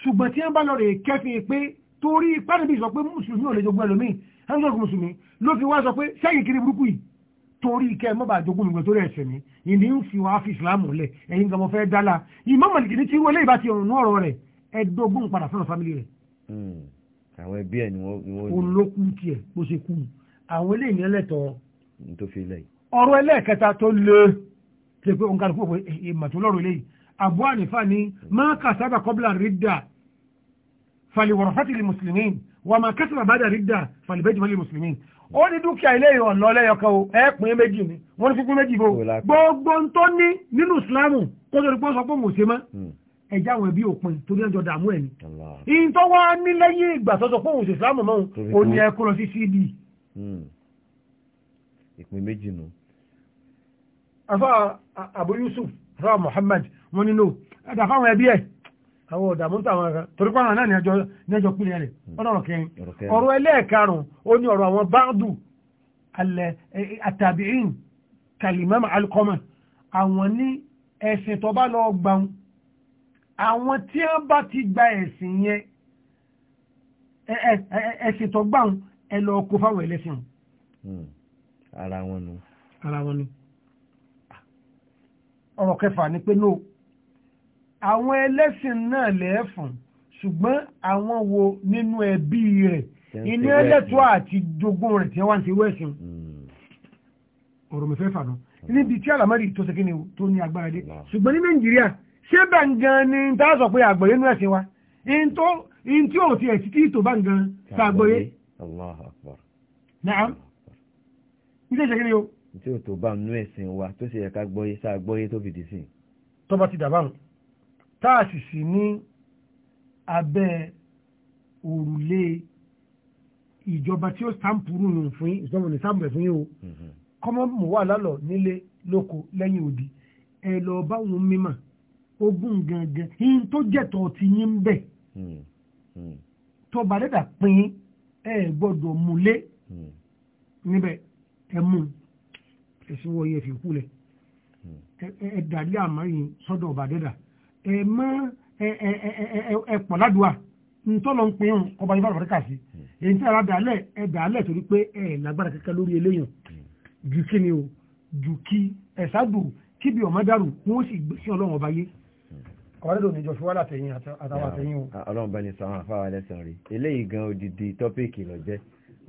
ṣùgbọ́n tí wọ́n bá lọ rè kẹ́fìn pé torí pàdébí sọ pé mùsùlùmí ò lè jogún ẹlòmíì ẹnjọ́ mùsùlùmí ló fi wá sọ pé sẹ́yìn kiri burúkú yìí torí ikẹ́ mọ́bà jogún mi gbẹ̀tọ́rẹ́ ẹ̀sẹ̀ mi ìní ń fi wá fi ìsìlámù lẹ̀ ẹ̀yin gan mo fẹ́ dálà Imam Malik ní tí wọlé ìbá ti ọ̀run ọ̀rọ̀ rẹ̀ ẹ̀ẹ́dógún padà sọ̀rọ̀ fámìlì rẹ̀. Hmm. àwọn ẹbí ẹ ni wọ́n. olókùn tiẹ̀ bó ṣe kú àwọn eléyìí ní ẹlẹ́tọ̀ọ́. ọ̀rọ̀ ẹlẹ́ẹ̀kẹta tó le ṣe pé òǹkà lóko eh, eh, ìmọ̀ tó lọ́rọ̀ eléyìí Abu Hanifa ni máa kà sábà kọ́bílà rídà faliwọ̀rọ̀fẹ́tì lè mùsùlùmí wà máa kẹ́sìmà bá dà rídà falibẹ́jì mọ́lẹ̀ mùsùlùmí ó ní dúkìá ilé ọ̀nà ọlẹ́yọkan o ẹ pín méjì ni wọ́n ní fífún méjì bò gbogbo ń tó ní nínú ìsìláàmù kó tó ní pé ó sọ pé mò ń ṣe mọ́ hmm. ẹ̀já àwọn ẹbí òpin torí ẹjọ́ dààmú ẹ̀ ni ìyìn tó wá ní lẹ́yìn ìgbà tó sọ pé òun ṣe ìsìláàmù mọ́ òun ò ní ẹ kó lọ sí cd. Hmm. ìpín méjì nù. afa Abu Yusuf afa Muhammad wọn nínú àtàfáwọn ẹbí ẹ̀ àwọn ọ̀dàmú táwọn kan torí pàrọ̀ náà ní ẹjọ́ pínlẹ̀ hmm. rẹ̀ ọ̀rọ̀ kẹrin ọ̀rọ̀ ẹlẹ́ẹ̀karùn-ún ó ní ọ̀rọ̀ àwọn báàdù àtàbíìn kalimama alkọ́mà àwọn ní ẹ̀sìn tó bá lọ gbàun àwọn tí wọ́n bá ti gba ẹ̀sìn yẹn ẹ̀sìn tó gbàun ẹ lọ kó fáwọn ẹlẹ́sìn hmm. ara wọn nu ọ̀rọ̀ kẹfà ni pé náà àwọn ẹlẹ́sìn náà lẹ́ẹ̀fún ṣùgbọ́n àwọn wo nínú ẹbí rẹ̀ inú ẹlẹ́tọ́ àti jogún rẹ̀ tí wọ́n ń ṣe wẹ́sìn hmm. ọ̀rọ̀ mẹ́fẹ́ fàánù hmm. níbi tí àlàmọ́rì tó ṣe kíni tó ní agbára dé ṣùgbọ́n ní nàìjíríà ṣé bàǹgan ni n ta sọ pé àgbọ̀yé nú ẹ̀sìn wa n tí ò ti ẹ̀ títí tó bàǹgan ta àgbọ̀yé. Allahu Akbar. Naam. n tẹ́ ṣe kíni o. n tí ò tó bá nú ẹ̀sìn wa tó ṣe yẹ ká gbọ́yé sá gbọ́yé tó fi dì sí. tọ́ba ti dàbáwọn táàsì sí ní abẹ́ òrùlé ìjọba tí ó sàmpùrù yòó fún yín ìjọba ní sàmpù ẹ̀ fún yín o mm-hmm. kọ́mọ́ mọ̀ wà lálọ́ nílé lóko lẹ́yìn òdì ẹ lọ bá wọn mímọ̀ ogún gangan yín tó jẹ̀tọ̀ ti yín ń bẹ̀ mm-hmm. tọba dẹ́dà pín ẹ gbọ́dọ̀ múlé mm-hmm. níbẹ̀ ẹ mú ẹ̀sìn wọ̀nyí ẹ fi kú lẹ̀ ẹ dàlẹ́ àmọ́ yín sọ́dọ̀ ọba dẹ́dà ẹ má ẹ pọ̀ ládùúà ntọ́lọ̀ ń pin ọba yìí bá lọ́ọ́ kà sí èyí tí ara dàálẹ̀ ẹ dàálẹ̀ torí pé ẹ lágbára kankan lórí eléyàn hmm. ju kí ni o ju kí ẹ̀sádùn kíbi ọ̀mọ́ dàrú wọ́n sì gbé sí ọlọ́run ọba yé ọ̀rẹ́dò níjọ fi wá látẹ̀yìn àtàwọn àtẹ̀yìn o. ọlọ́run bá ní sọ àwọn afáwà lẹ́sàn-án rí eléyìí gan odidi tọ́píìkì lọ jẹ́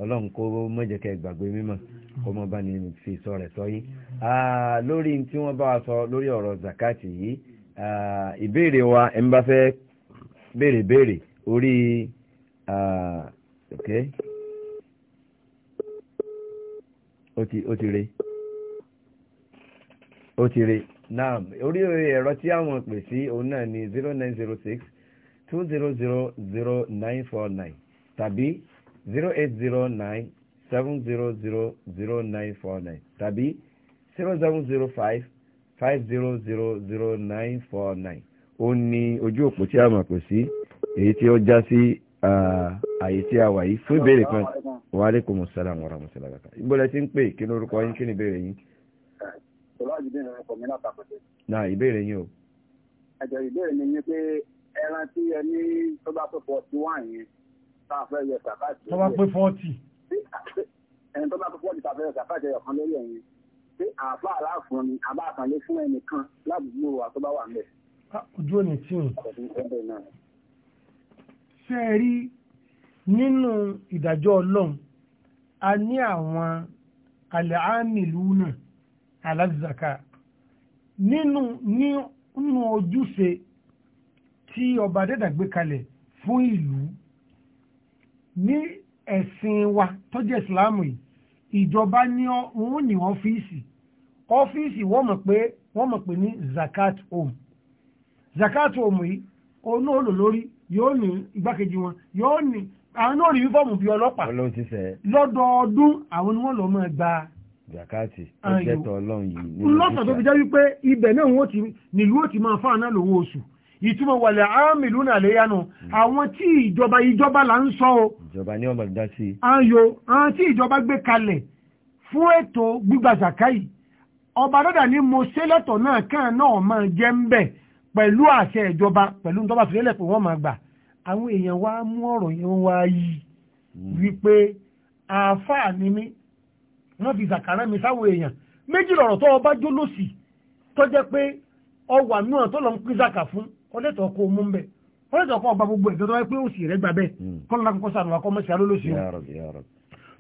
ọlọ́run kó mọ̀jẹ̀kẹ́ gbàgbé mímọ̀ kó mọ̀ bá ní fi sọ rẹ̀ sọ yín. Ah, lórí tí wọ́n bá wa sọ lórí ọ̀rọ̀ zakati yìí ìbéèrè wa ẹ̀ ń bá fẹ́ béèrè béèrè orí ok ó ti ó ti re ó ti re náà orí ẹ̀rọ tí àwọn pè sí òun náà ni zero nine zero six two zero zero zero nine four nine tàbí zero eight zero nine seven zero zero zero nine four nine tàbí zero seven zero five five zero zero zero nine four nine ó ní ojú òpó tí a mọ̀ pè sí èyí tí ó já sí àyè tí a wà yìí fún ìbéèrè kan wa alaikum salam wa rahmatullahi kàkà ìgbọ́lẹ̀ tí ń pè kí ní orúkọ yín kí ni ìbéèrè yín. na ìbéèrè yín o. ẹ̀jẹ̀ ìbéèrè mi ni pé ẹran tí ẹ ní tó bá pé forty one yẹn tá a fẹ́ yẹ sàkáàtì. tó bá pé forty. ẹni tó bá pé forty tá a fẹ́ yẹ sàkáàtì ẹ̀yọ̀ kan lórí ẹ̀yìn pé àbá aláàfin ni àbá àkànlé fún ẹnìkan ládùúgbò wa tó bá wà ń bẹ̀. ojú ò ní tí ì ṣe é rí nínú ìdájọ́ ọlọ́run a ní àwọn àlàámìlúnà aláàzàká nínú nínú ojúṣe tí ọba dẹ́dà gbé kalẹ̀ fún ìlú ní ẹ̀sìn wa tó ìsìláàmù yìí ìjọba ní òun ní ọ́fíìsì ọ́fíìsì wọ́n mọ̀ pé wọ́n mọ̀ pé ní zakat home zakat home yìí onú òlò lórí yóò ní igbákejì wọn yóò ní àwọn náà rí fọ́ọ̀mù bíi ọlọ́pàá lọ́dọọdún àwọn ni wọ́n lọ́ọ́ máa gba zakati ọjẹ́tọ̀ ọlọ́run yìí lọ́sàn tó fi jẹ́ wípé ibẹ̀ náà wọ́n ti nílùú ó ti máa fáà náà lówó oṣù ìtumọ̀ wàlẹ̀ àmìlú náà léyánu hmm. àwọn tí ìjọba ìjọba là ń sọ o ìjọba ní ọmọ ìdásí ayo àwọn tí ìjọba gbé kalẹ̀ fún ètò gbígba zakai ọba dọ́dà ní mo ṣe lẹ́tọ̀ náà kàn náà máa jẹ́ ń bẹ̀ pẹ̀lú àṣẹ ìjọba pẹ̀lú tọ́ba fi lélẹ̀ pé wọ́n máa gbà àwọn èèyàn wá mú ọ̀rọ̀ yẹn wá yí hmm. wípé àáfàá ni mí wọ́n fi zàkàrà mi sáwọn èèyàn méjì lọ̀rọ̀ tó ọba jó lòsì tó jẹ́ pé ọwà náà tó lọ ń pín zàkà fún ọlẹ́tọ̀ kó mú bẹ̀ ọlẹ́tọ̀ kó ọba gbogbo ẹ̀dọ́ tó wáyé pé òsì rẹ̀ gbà bẹ́ẹ̀ hmm. kọ́ńtà kọ́kọ́ sàrùwà kọ́ alólòsì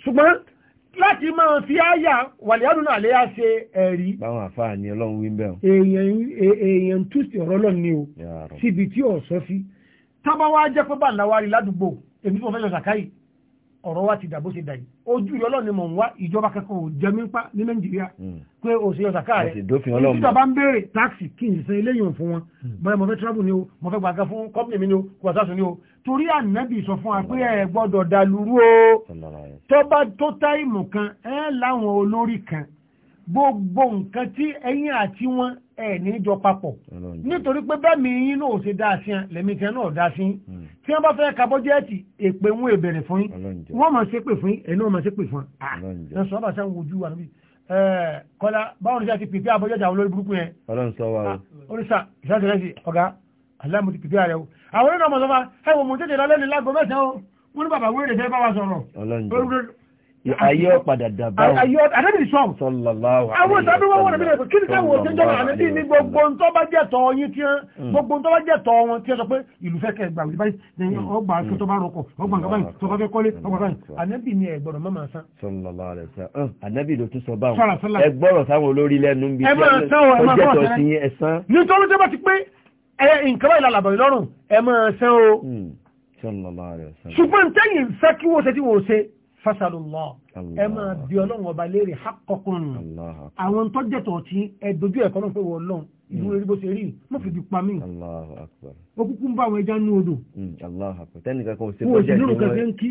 ṣùgbọ́n láti máa fi àyà wàlíyàdùn náà léyà ṣe ẹ̀rí. báwọn àfáà ni ọlọ́run wí bẹ́ẹ̀. èèyàn èèyàn túsì ọ̀rọ̀ lọ ni o síbi tí ọ̀sọ́ sí tábàwá jẹ́ pé bàǹdà wa rí ládùúgbò èmi tí lọ sàkáyì ọ̀rọ̀ wa ti dà bó ṣe dà yìí ojú ìyọ́ lọ́ni mọ̀ ń wá ìjọba kankan ò jẹ́ mi pa ní nàìjíríà hmm. pé o ṣe ọ̀sà káà rẹ̀ ìjọba bá ń béèrè táàkì kí n ṣe eléyìí fún wọn bẹ́ẹ̀ hmm. mo fẹ́ travel ni o mo fẹ́ gbàgbà fún company mi ni o kòwàsásùn ni o torí ànábì sọ fún wa pé hmm. ẹ gbọ́dọ̀ dalúrú o tó bá tó táìmù kan ẹ láwọn olórí kan gbogbo nǹkan tí ẹ̀yin àti wọn ẹ̀ ní jọ papọ̀ nítorí pé bẹ́ẹ̀ mi yín náà ṣe dáa sí ẹ lẹ́mí tiẹ̀ náà dáa sí hmm. tí wọ́n bá fẹ́ ka bọ́jẹ́ẹ̀tì èpè ń èbèrè fún yín wọ́n mọ̀ sí pè fún yín ẹ̀ náà mọ̀ sí pè fún yín ẹ̀ sọ́ bàtà ń wojú wa níbi kọ́lá báwọn oníṣẹ́ ti pèpè àbọ̀jẹ́jà olórí burúkú yẹn oníṣà ah, ìṣàṣẹ́rẹ́sì ọ̀gá aláàmù ti pèpè ààrẹ o àwọn oníṣà ọmọ sọfà ẹ wò mọ̀ tètè lọ lẹ́nu lágbo mẹ́sàn-án o wọ́n ní bàbá wíwèrè fẹ́ bá wa sọ̀rọ̀ ayé ọ̀padà dàbá ọ̀. ayé ọ̀dà àdébìrì sọ́ọ̀mù. sọlọ́láwà. àwọn ìsàbí wọn wọn nílẹ̀ kí ni káwọn òṣèlú jọba àmì bíi ní gbogbo ń tó bá jẹ́ tọ́ yín tí mm. gbogbo ń tó bá jẹ́ tọ́ wọn tí ó sọ pé ìlú fẹ́ kẹ́ gbà wípé báyìí mm. ọgbà kí tó bá rọkọ̀ ọgbà nǹkan báyìí tó bá fẹ́ kọ́lé ọgbà báyìí mm. ànábì ni ẹ̀gbọ́rọ̀ mọ́ máa san. ànábì ló tún sọ báwọn ẹgbọ́rọ̀ táwọn olórí lẹ́nu ń bi ọjọ́ sí ẹ̀sán. nítorí tó bá ti pé nǹkan báyìí lálàbọ̀ ìlọ́rùn ẹ máa san o. ṣùgbọ́n tẹ́yìn fẹ́ kí wọ́n ṣe tí wọ́n ṣe fasalùlọ ẹ máa bí ọlọ́run ọba léèrè hakọ̀kan àwọn tó jẹ́tọ̀ tí ẹ dojú ẹ̀kọ́ náà pé wọ́n lọ́n ìlú rẹ̀ bó ṣe rí mọ́ fi bí pamí okùnkù ń bá àwọn ẹja ní odò hmm, wọ́n sì lórí kẹfẹ́ ń kí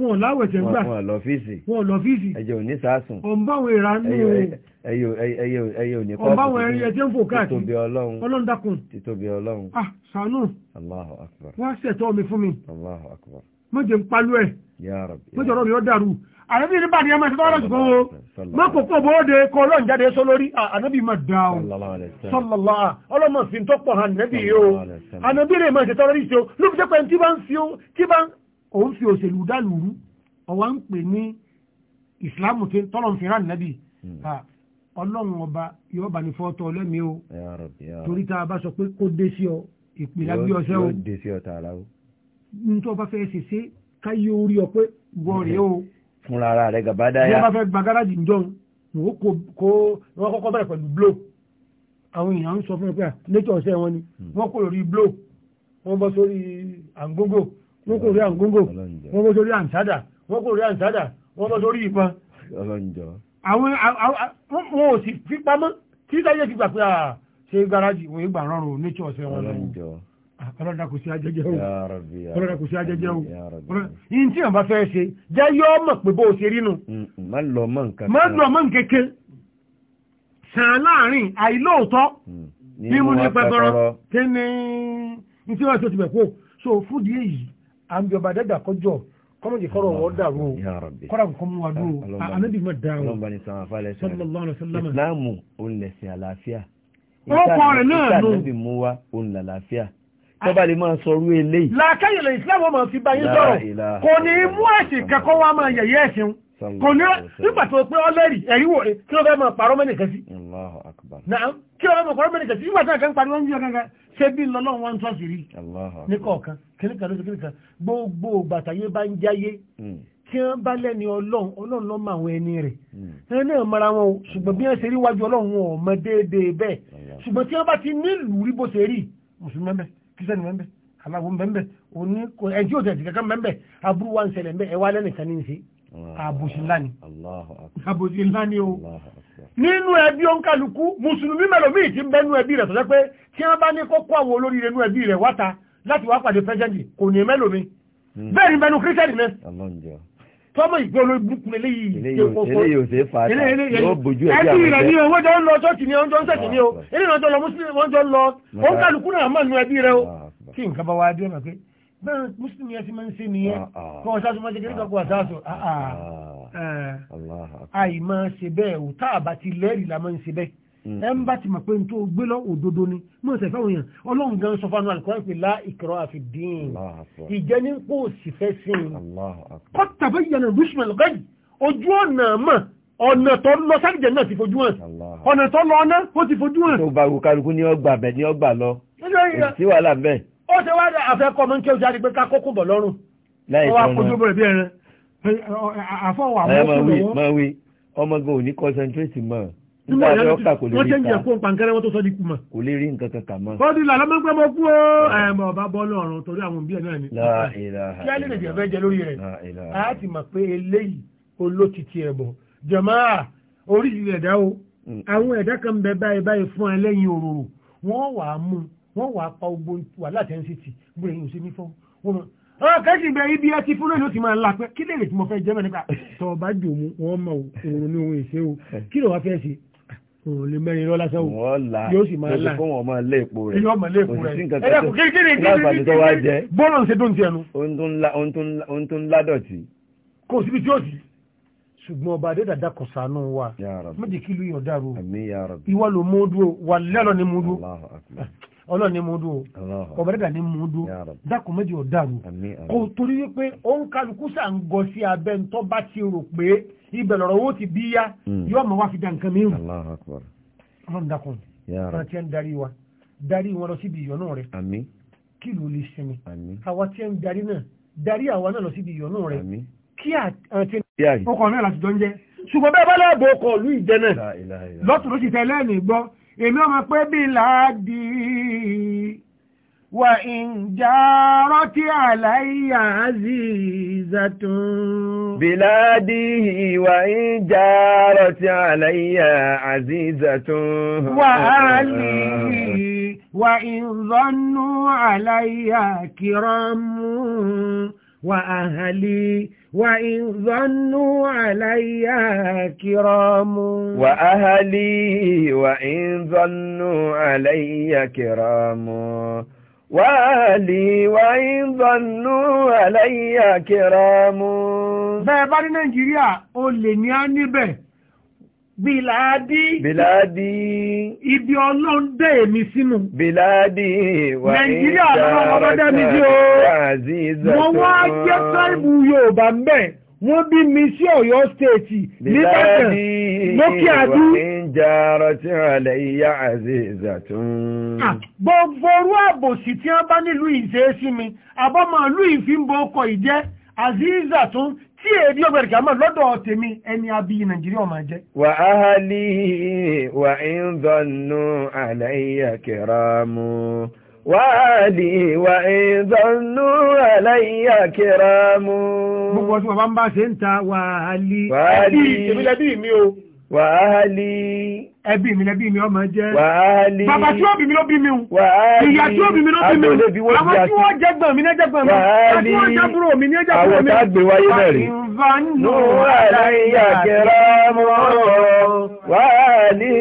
wọ́n láwẹ̀ tẹ́ gbà wọ́n lọ́fíìsì ẹjẹ́ òní sàásùn ọ̀nbá àwọn ìrà ní òní kọ́ọ̀pù ọ̀nbá àwọn ẹyẹ ń fò káàkiri ọlọ́run dákun ah, ṣàánú wọ́n ṣẹ̀tọ́ mi má jẹ́ ń palú ẹ̀ má jẹ́ ọ̀rọ̀ mi ó dàrú ànábì ní bàdí ẹmọ ìṣẹ́tọ́ ọ̀rọ̀ ṣùgbọ́n o má kò kó bóde kọ ọlọ́run jáde sọ lórí ànábì má da o sọlọlọ a ọlọ́mọ fi ń tọ́pọ̀ hàn nẹ́bì yìí o ànábì rẹ̀ má ìṣẹ́tọ́ lórí ṣe o lóbi jẹ́ pé tí bá ń fi ó tí bá òun fi òṣèlú dàlúrú ọ̀wá ń pè ní ìsìlámù tí tọ́lọ̀ ń fi rán nẹ́bì hmm. ọlọ́run ọba yóò bá ní fọ́tọ̀ ọlẹ́mi o torí tá a bá sọ pé kó dé sí ọ ìpìlẹ̀ ní tó bá fẹ́ ṣe ṣe káyé orí ọpẹ́ gbọ́rẹ̀ o. fúnra ara rẹ̀ gàbá dáyà. bá fẹ́ gba gáràjì ń jọun wọ́n kó wọ́n kọ́kọ́ bẹ̀rẹ̀ pẹ̀lú blow àwọn èèyàn ń sọ fún mi ah, nature ọ̀sẹ̀ wọn ni hmm. wọ́n kò lórí blow wọ́n bọ́ sórí àǹgógó wọ́n kò lórí àǹgógó wọ́n bọ́ sórí àǹsádà wọ́n kò lórí àǹsádà wọ́n bọ́ sórí ìbọn. àwọn wọn ò sì fipamọ́ kí sáyé ti gbà pé ah, ṣe gáràjì wọ́n gbà rọrùn nature ọ̀sẹ̀ wọn lọ́wọ́ ọlọ́dà kò sí ajẹ́jẹ́ o ọlọ́dà kò sí ajẹ́jẹ́ o yìí tí àwọn bá fẹ́ ṣe jẹ́ yọ mọ̀ pé bó o ṣe rí mm, mm, má lọ mọ nǹkan sàn láàrin àìlóòótọ́ mm, ní ní pẹ́pẹ́rọ́ kí ni ní tí wọ́n ṣe ti bẹ̀ so fúdi èyí àmì ọba dẹ́gbà kọjọ kọ́mọ̀jì kọ́rọ̀ wọ́n dàrú o kọ́ra nǹkan mú wa dúró ànábì mọ̀ dá o sallallahu alaihi ìsìlámù òun àlàáfíà ìsìlámù òun àlàáfíà tó bá lè máa sọrú eléyìí. làákàyè lè islam ọmọ fi bá yín sọ̀rọ̀ kò ní mú ẹ̀sìn kankan wá máa yẹ̀yẹ́ ẹ̀sìn kò ní nígbà tó pé ọlẹ́rì ẹ̀rí wò kí ló fẹ́ máa parọ́ mẹ́nì kan sí. Allahu Akbar. náà kí ló fẹ́ máa parọ́ mẹ́nì kan sí nígbà tó kàn pariwo ń yọ kankan ṣé bí lọ́lọ́run wọn ń tọ́sí rí. ní kíníkà lóṣù kíníkà gbogbo bàtàyé bá ń jáyé hmm. tí wọ́n bá lẹ́ni ọlọ́run ọlọ́run ló hmm. mara wọn o ṣùgbọ́n bí wọ́n ṣe rí wájú ọlọ́run wọn ò mọ déédéé kírísítẹ́nì mẹ́mbẹ́ aláwo mẹ́mbẹ́ òní ẹjí òtẹ̀ ẹ̀sìn kankan mẹ́mbẹ́ aburú wa ń ṣẹlẹ̀ mẹ́ ẹwà lẹ́nìkan ní ṣe àbòsí ńlá ni àbòsí ńlá ni o nínú ẹbí òǹkàlùkù mùsùlùmí mẹ́lòmíì ti ń bẹ́ nú ẹbí rẹ̀ tọ́jọ́ pé tí wọ́n bá ní kókó àwọn olóríire nú ẹbí rẹ̀ wáta láti wá pàdé pẹ́sẹ́ǹtì kò ní mẹ́lòmíì hmm. bẹ́ẹ̀ ni mẹ́nu kírísítẹ́nì mẹ́ tọ́mọ̀ ìgbóòlò ìbúkún eléyìí yóò ṣe fà á yóò bójú ẹ̀jẹ̀ àwọn ẹ̀jẹ̀ ẹ̀bí rẹ̀ ni o wọ́n jọ ń lọ ṣọ́ọ̀tì ni wọ́n jọ ń sẹ̀tì ni o eré náà jọ lọ mùsùlùmí wọ́n jọ lọ wọ́n kálukú náà mọ̀ nù ẹbí rẹ o kí nǹkan bá wá dé ọ̀nà pé bẹ́ẹ̀ mùsùlùmí ẹ ti máa ń ṣe nìyẹn ah, ah. kọ́ ọ̀sáṣu máa ṣe kéré kọ́kọ́ ọ̀sáṣu àì máa ṣe bẹ́ẹ̀ ò tá àbá ti lẹ́rìí la máa ń ṣe bẹ́ẹ̀ ẹ ń bá ti mọ̀ pé n tó gbé lọ òdodo ni mọ̀ ṣe fẹ́ràn yẹn ọlọ́run gan sọ fún alukọ́rẹ́ pé lá ìkọrọ àfi dín ìjẹ́ ní kó o sì fẹ́ sí i kọ́ tàbí ìyànà rúṣùmọ̀ lọ́gàjì ojú ọ̀nà mọ̀ ọ̀nà tó lọ sáàjẹ̀ náà ti fojú hàn ọ̀nà tó lọ ọ̀nà ó ti fojú hàn. tó bá wù kálukú ní ọgbà bẹ̀ ní ọgbà lọ sí wàhálà bẹ́ẹ̀. ó ṣe wá àfẹ́kọ́ mọ́ kí o jáde pé ká kókó bọ̀ lọ́rùn. láì sọ ọmọ ọmọ wí ọmọ gan ò ní concentrate mọ́ wọ́n ṣe ń jẹ́ fún pankẹ́rẹ́ wọ́n tó sọ di kùmọ̀. kò lè rí nǹkan kan kà mọ́. ó di làlámọ́ pé mo kú ó ẹ̀mọ̀ ọba bọ́ọ̀lù ọ̀run torí àwọn òbí ẹ̀ náà ni. kí á lè lè jẹ́ fẹ́ jẹ lórí rẹ̀ á ti mọ̀ pé eléyìí olótìtì ẹ̀ bọ̀ jẹ̀mọ́ oríṣiríṣi ẹ̀dá o mm. àwọn ẹ̀dá kan bẹ báyìí báyìí fún ẹ lẹ́yìn òróró wọ́n wà á mú wọ́n wà á pa ogbó wà látẹ̀ǹsìtì kẹ́sì ti fúnlẹ̀ ló ti ní ohun kí ló wá fẹ́ ṣe òun lè mẹ́rin lọ́lá sẹ́wọ̀n wọ́n la yóò sì máa la fún wọn máa lé epo rẹ̀ yóò máa lé epo rẹ̀ ẹ̀rẹ́ kò kí ni kí ni bọ́ọ̀lù ṣe tó ń tiẹ̀ nu. ohun tó ń ládọ̀tí. kò síbi tí ó sì ṣùgbọ́n ọba adé dàda kò sànú wa méjì kìlú yọ̀ọ̀dà ro ìwà ló mú dúró wà lẹ́lọ́ ni mú dúró ọlọ́run ní múdú ọ̀bẹ̀rẹ̀dà ní múdú dákùn méjì ọ̀dàrú kò torí wípé ó ń kálukú sà ń gọ sí abẹ́ ń tọ́ bá ti rò pé ibẹ̀ lọ̀rọ̀ owó ti bí yá hmm. yóò mọ̀ wá fi da nǹkan mìíràn ọlọ́run dákùn ọ̀rọ̀ tí ń darí wa darí wọn lọ síbi ìyọ́nú rẹ̀ kí ló lè sinmi àwa tí ń darí náà darí àwa náà lọ síbi ìyọ́nú rẹ̀ kí àti ọkọ̀ náà láti jọ ń jẹ́ ṣùgbọ́n bẹ́ẹ̀ bá lọ́ọ̀bù èmi ọmọ pé bí láàdì wà ìjàrọ́ tí àláyà àzìzàtò. Bìládì wà ìjàrọ́ tí àláyà àzìzàtò. Wà áàlì wà ìzọ́nú àláyà kìrọ́mù wà áhàlì. وإن ظنوا علي كرام وأهلي وإن ظنوا علي كرام وأهلي وإن ظنوا علي كرام bẹ́ẹ̀ bá ní Nàìjíríà Bìláàdì. Bìláàdì. Ibi ọlọ́run dé èmi sínú. Bìláàdì wà ní ìjà. Nàìjíríà lọ́wọ́ ọlọ́run dé mi sí o. Àzíza tó. Mo wá jẹ́ táìbù Yorùbá ń bẹ̀. Wọ́n bí mi sí Ọ̀yọ́ Stéètì nígbàdàn lókè àdú. Bìláàdì wà ní ìjà tí wọ́n lẹ̀ yíyá àzíza tó. Gbogbo orú àbòsí tí wọ́n bá nílùú ìṣeésí mi, àbọ̀mọ̀ ìlú ìfínbó ọkọ̀ ìjẹ́ aziza tún tí èdè ọgbẹ̀rẹ̀ kìámọ̀ lọ́dọ̀ tèmi ẹni abí nàìjíríà máa jẹ́. wà á hà lè wà ń dọ̀nù àlàyé kìrámù wà á lè wà ń dọ̀nù àlàyé kìrámù. gbogbo ọtí bàbá ń bá ṣe ń ta wà á lè. wà á lè. èmi lẹbí mi o wàhálì ẹbí mi lẹbí mi ọmọ jẹ wàhálì bàbá tí ó bí mi ló bí mi hùn ìyá tí ó bí mi ló bí mi hùn àwọn tí wọ́n jẹ́gbọ̀n mi ní ẹjẹ́gbọ̀n mi àti wọ́n jábúrò mi ní ẹjẹ́gbọ̀n mi àwọn tàgbé wáyé mẹ́rin nù àlàyé kẹrẹ mọ́ wàhálì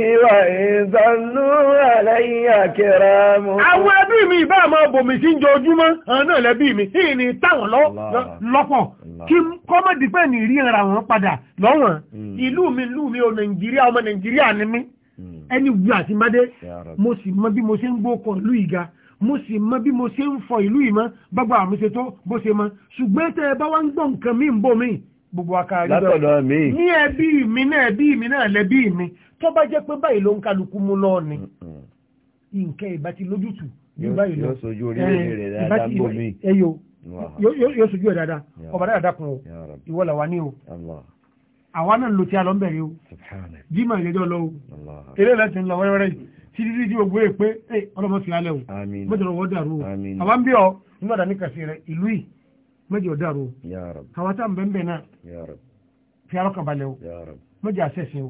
kẹrẹ mọ́. àwọn ẹbí mi ìbá máa bòmí sí ń jọ àwọn náà mi ìní kí kọ́mọ̀dì pé ní ríra wọn padà lọ́wọ́n hmm. ìlú mi ìlú mi ò nàìjíríà ọmọ nàìjíríà ni mí hmm. ẹni wù àti mádé mo sì mọ bí mo ṣe ń gbókọ̀ ìlú ìga mo sì mọ bí mo ṣe ń fọ ìlú ìmọ̀ gbogbo àmì ṣe tó bó ṣe mọ ṣùgbọ́n tẹ́ ẹ bá wá ń gbọ́ nǹkan mí ń bò mí gbogbo akáàrí ní ẹbí mi náà ẹbí mi náà lẹ́bí mi tó yóò sojú ẹ̀ dáadáa ọba dáadáa kun o ìwọ làwa ní o àwa náà ló ti alọ́ ń bẹ̀rẹ̀ o jimá ìlẹ́jọ́ lọ o eré lẹ́sìn lọ wẹ́rẹ́wẹ́rẹ́ yìí títí tí gbogbo ẹ̀ pé ẹ ọlọ́mọ fi alẹ́ o mẹ́jọ wọ́n dàrú o àwa ń bí ọ nínú ọ̀dà ní kàṣí rẹ ìlú yìí mẹ́jọ dàrú o àwa tá à ń bẹ̀ ń bẹ̀ náà fi alọ́ kàbalẹ̀ o mẹ́jọ àṣẹ̀ṣẹ̀ o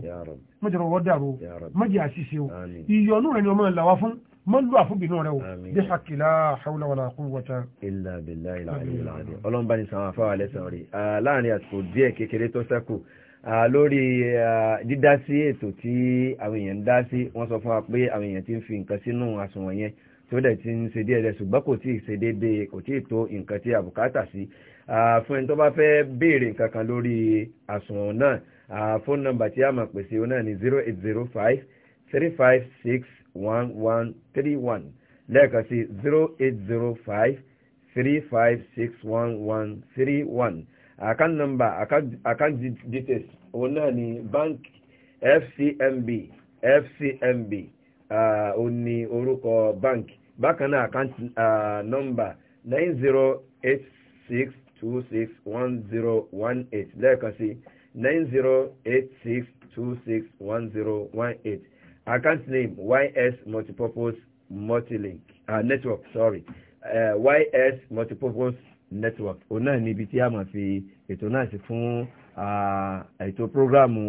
mẹ́jọ wọ́n dàrú o mẹ́jọ àṣìṣe o ìyọnu rẹ ni ọmọ ìlàwà fún mọ́lú àfúbìnú rẹ̀ o bí hakila haula wala quwwata. illa billahi al-ali al-azim ọlọ́run bá ní sàn àfáwà lẹ́sàn rí láàrin àsìkò díẹ̀ kékeré tó ṣẹ́kù lórí dídá sí ètò tí àwọn èèyàn ń dá sí wọ́n sọ fún wa pé àwọn èèyàn ti ń fi nǹkan sínú àsùnwọ̀n yẹn tí ó dẹ̀ ti ń ṣe díẹ̀ rẹ̀ ṣùgbọ́n kò tí ì ṣe déédéé kò tí ì tó nǹkan tí àbùkátà sí fún ẹni tó bá fẹ́ béèrè nǹkan kan lórí àsùnwọ̀n náà fóònù nọ́mbà tí a máa pèsè òun náà ní zero eight zero five three five six 1131 lẹ́ẹ̀kan sí 0805 356131 account number account details òun náà ni bank FCMB FCMB ó ah, ní orúkọ bank bákan náà account ah, number 9086261018 lẹ́ẹ̀kan sí eight account name ys multipurpose multilink uh, network sorry uh, eh, ys multipurpose network òun náà níbi tí a máa fi ètò náà sí fún ètò prógrámù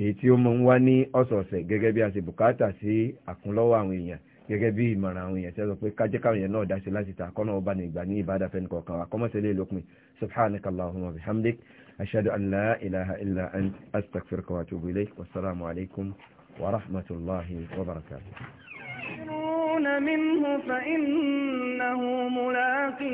èyí ó máa ń wá ní ọ̀sọ̀ọ̀sẹ̀ gẹ́gẹ́ bí a ṣe bùkátà sí àkúnlọ́wọ́ àwọn èèyàn gẹ́gẹ́ bí ìmọ̀ràn àwọn èèyàn sẹ́sọ pé kájẹ́ káwọn èèyàn náà dáṣe láti ta kọ́nà ọba ní ìgbà ní ìbádà fẹ́ni kọ̀ọ̀kan àkọ́mọ́sẹ̀lẹ̀ lópin subhanaka allahumma bihamdik ashhadu an la ilaha illa ant astaghfiruka wa atubu wassalamu alaikum ورحمة الله وبركاته منه فإنه ملاقي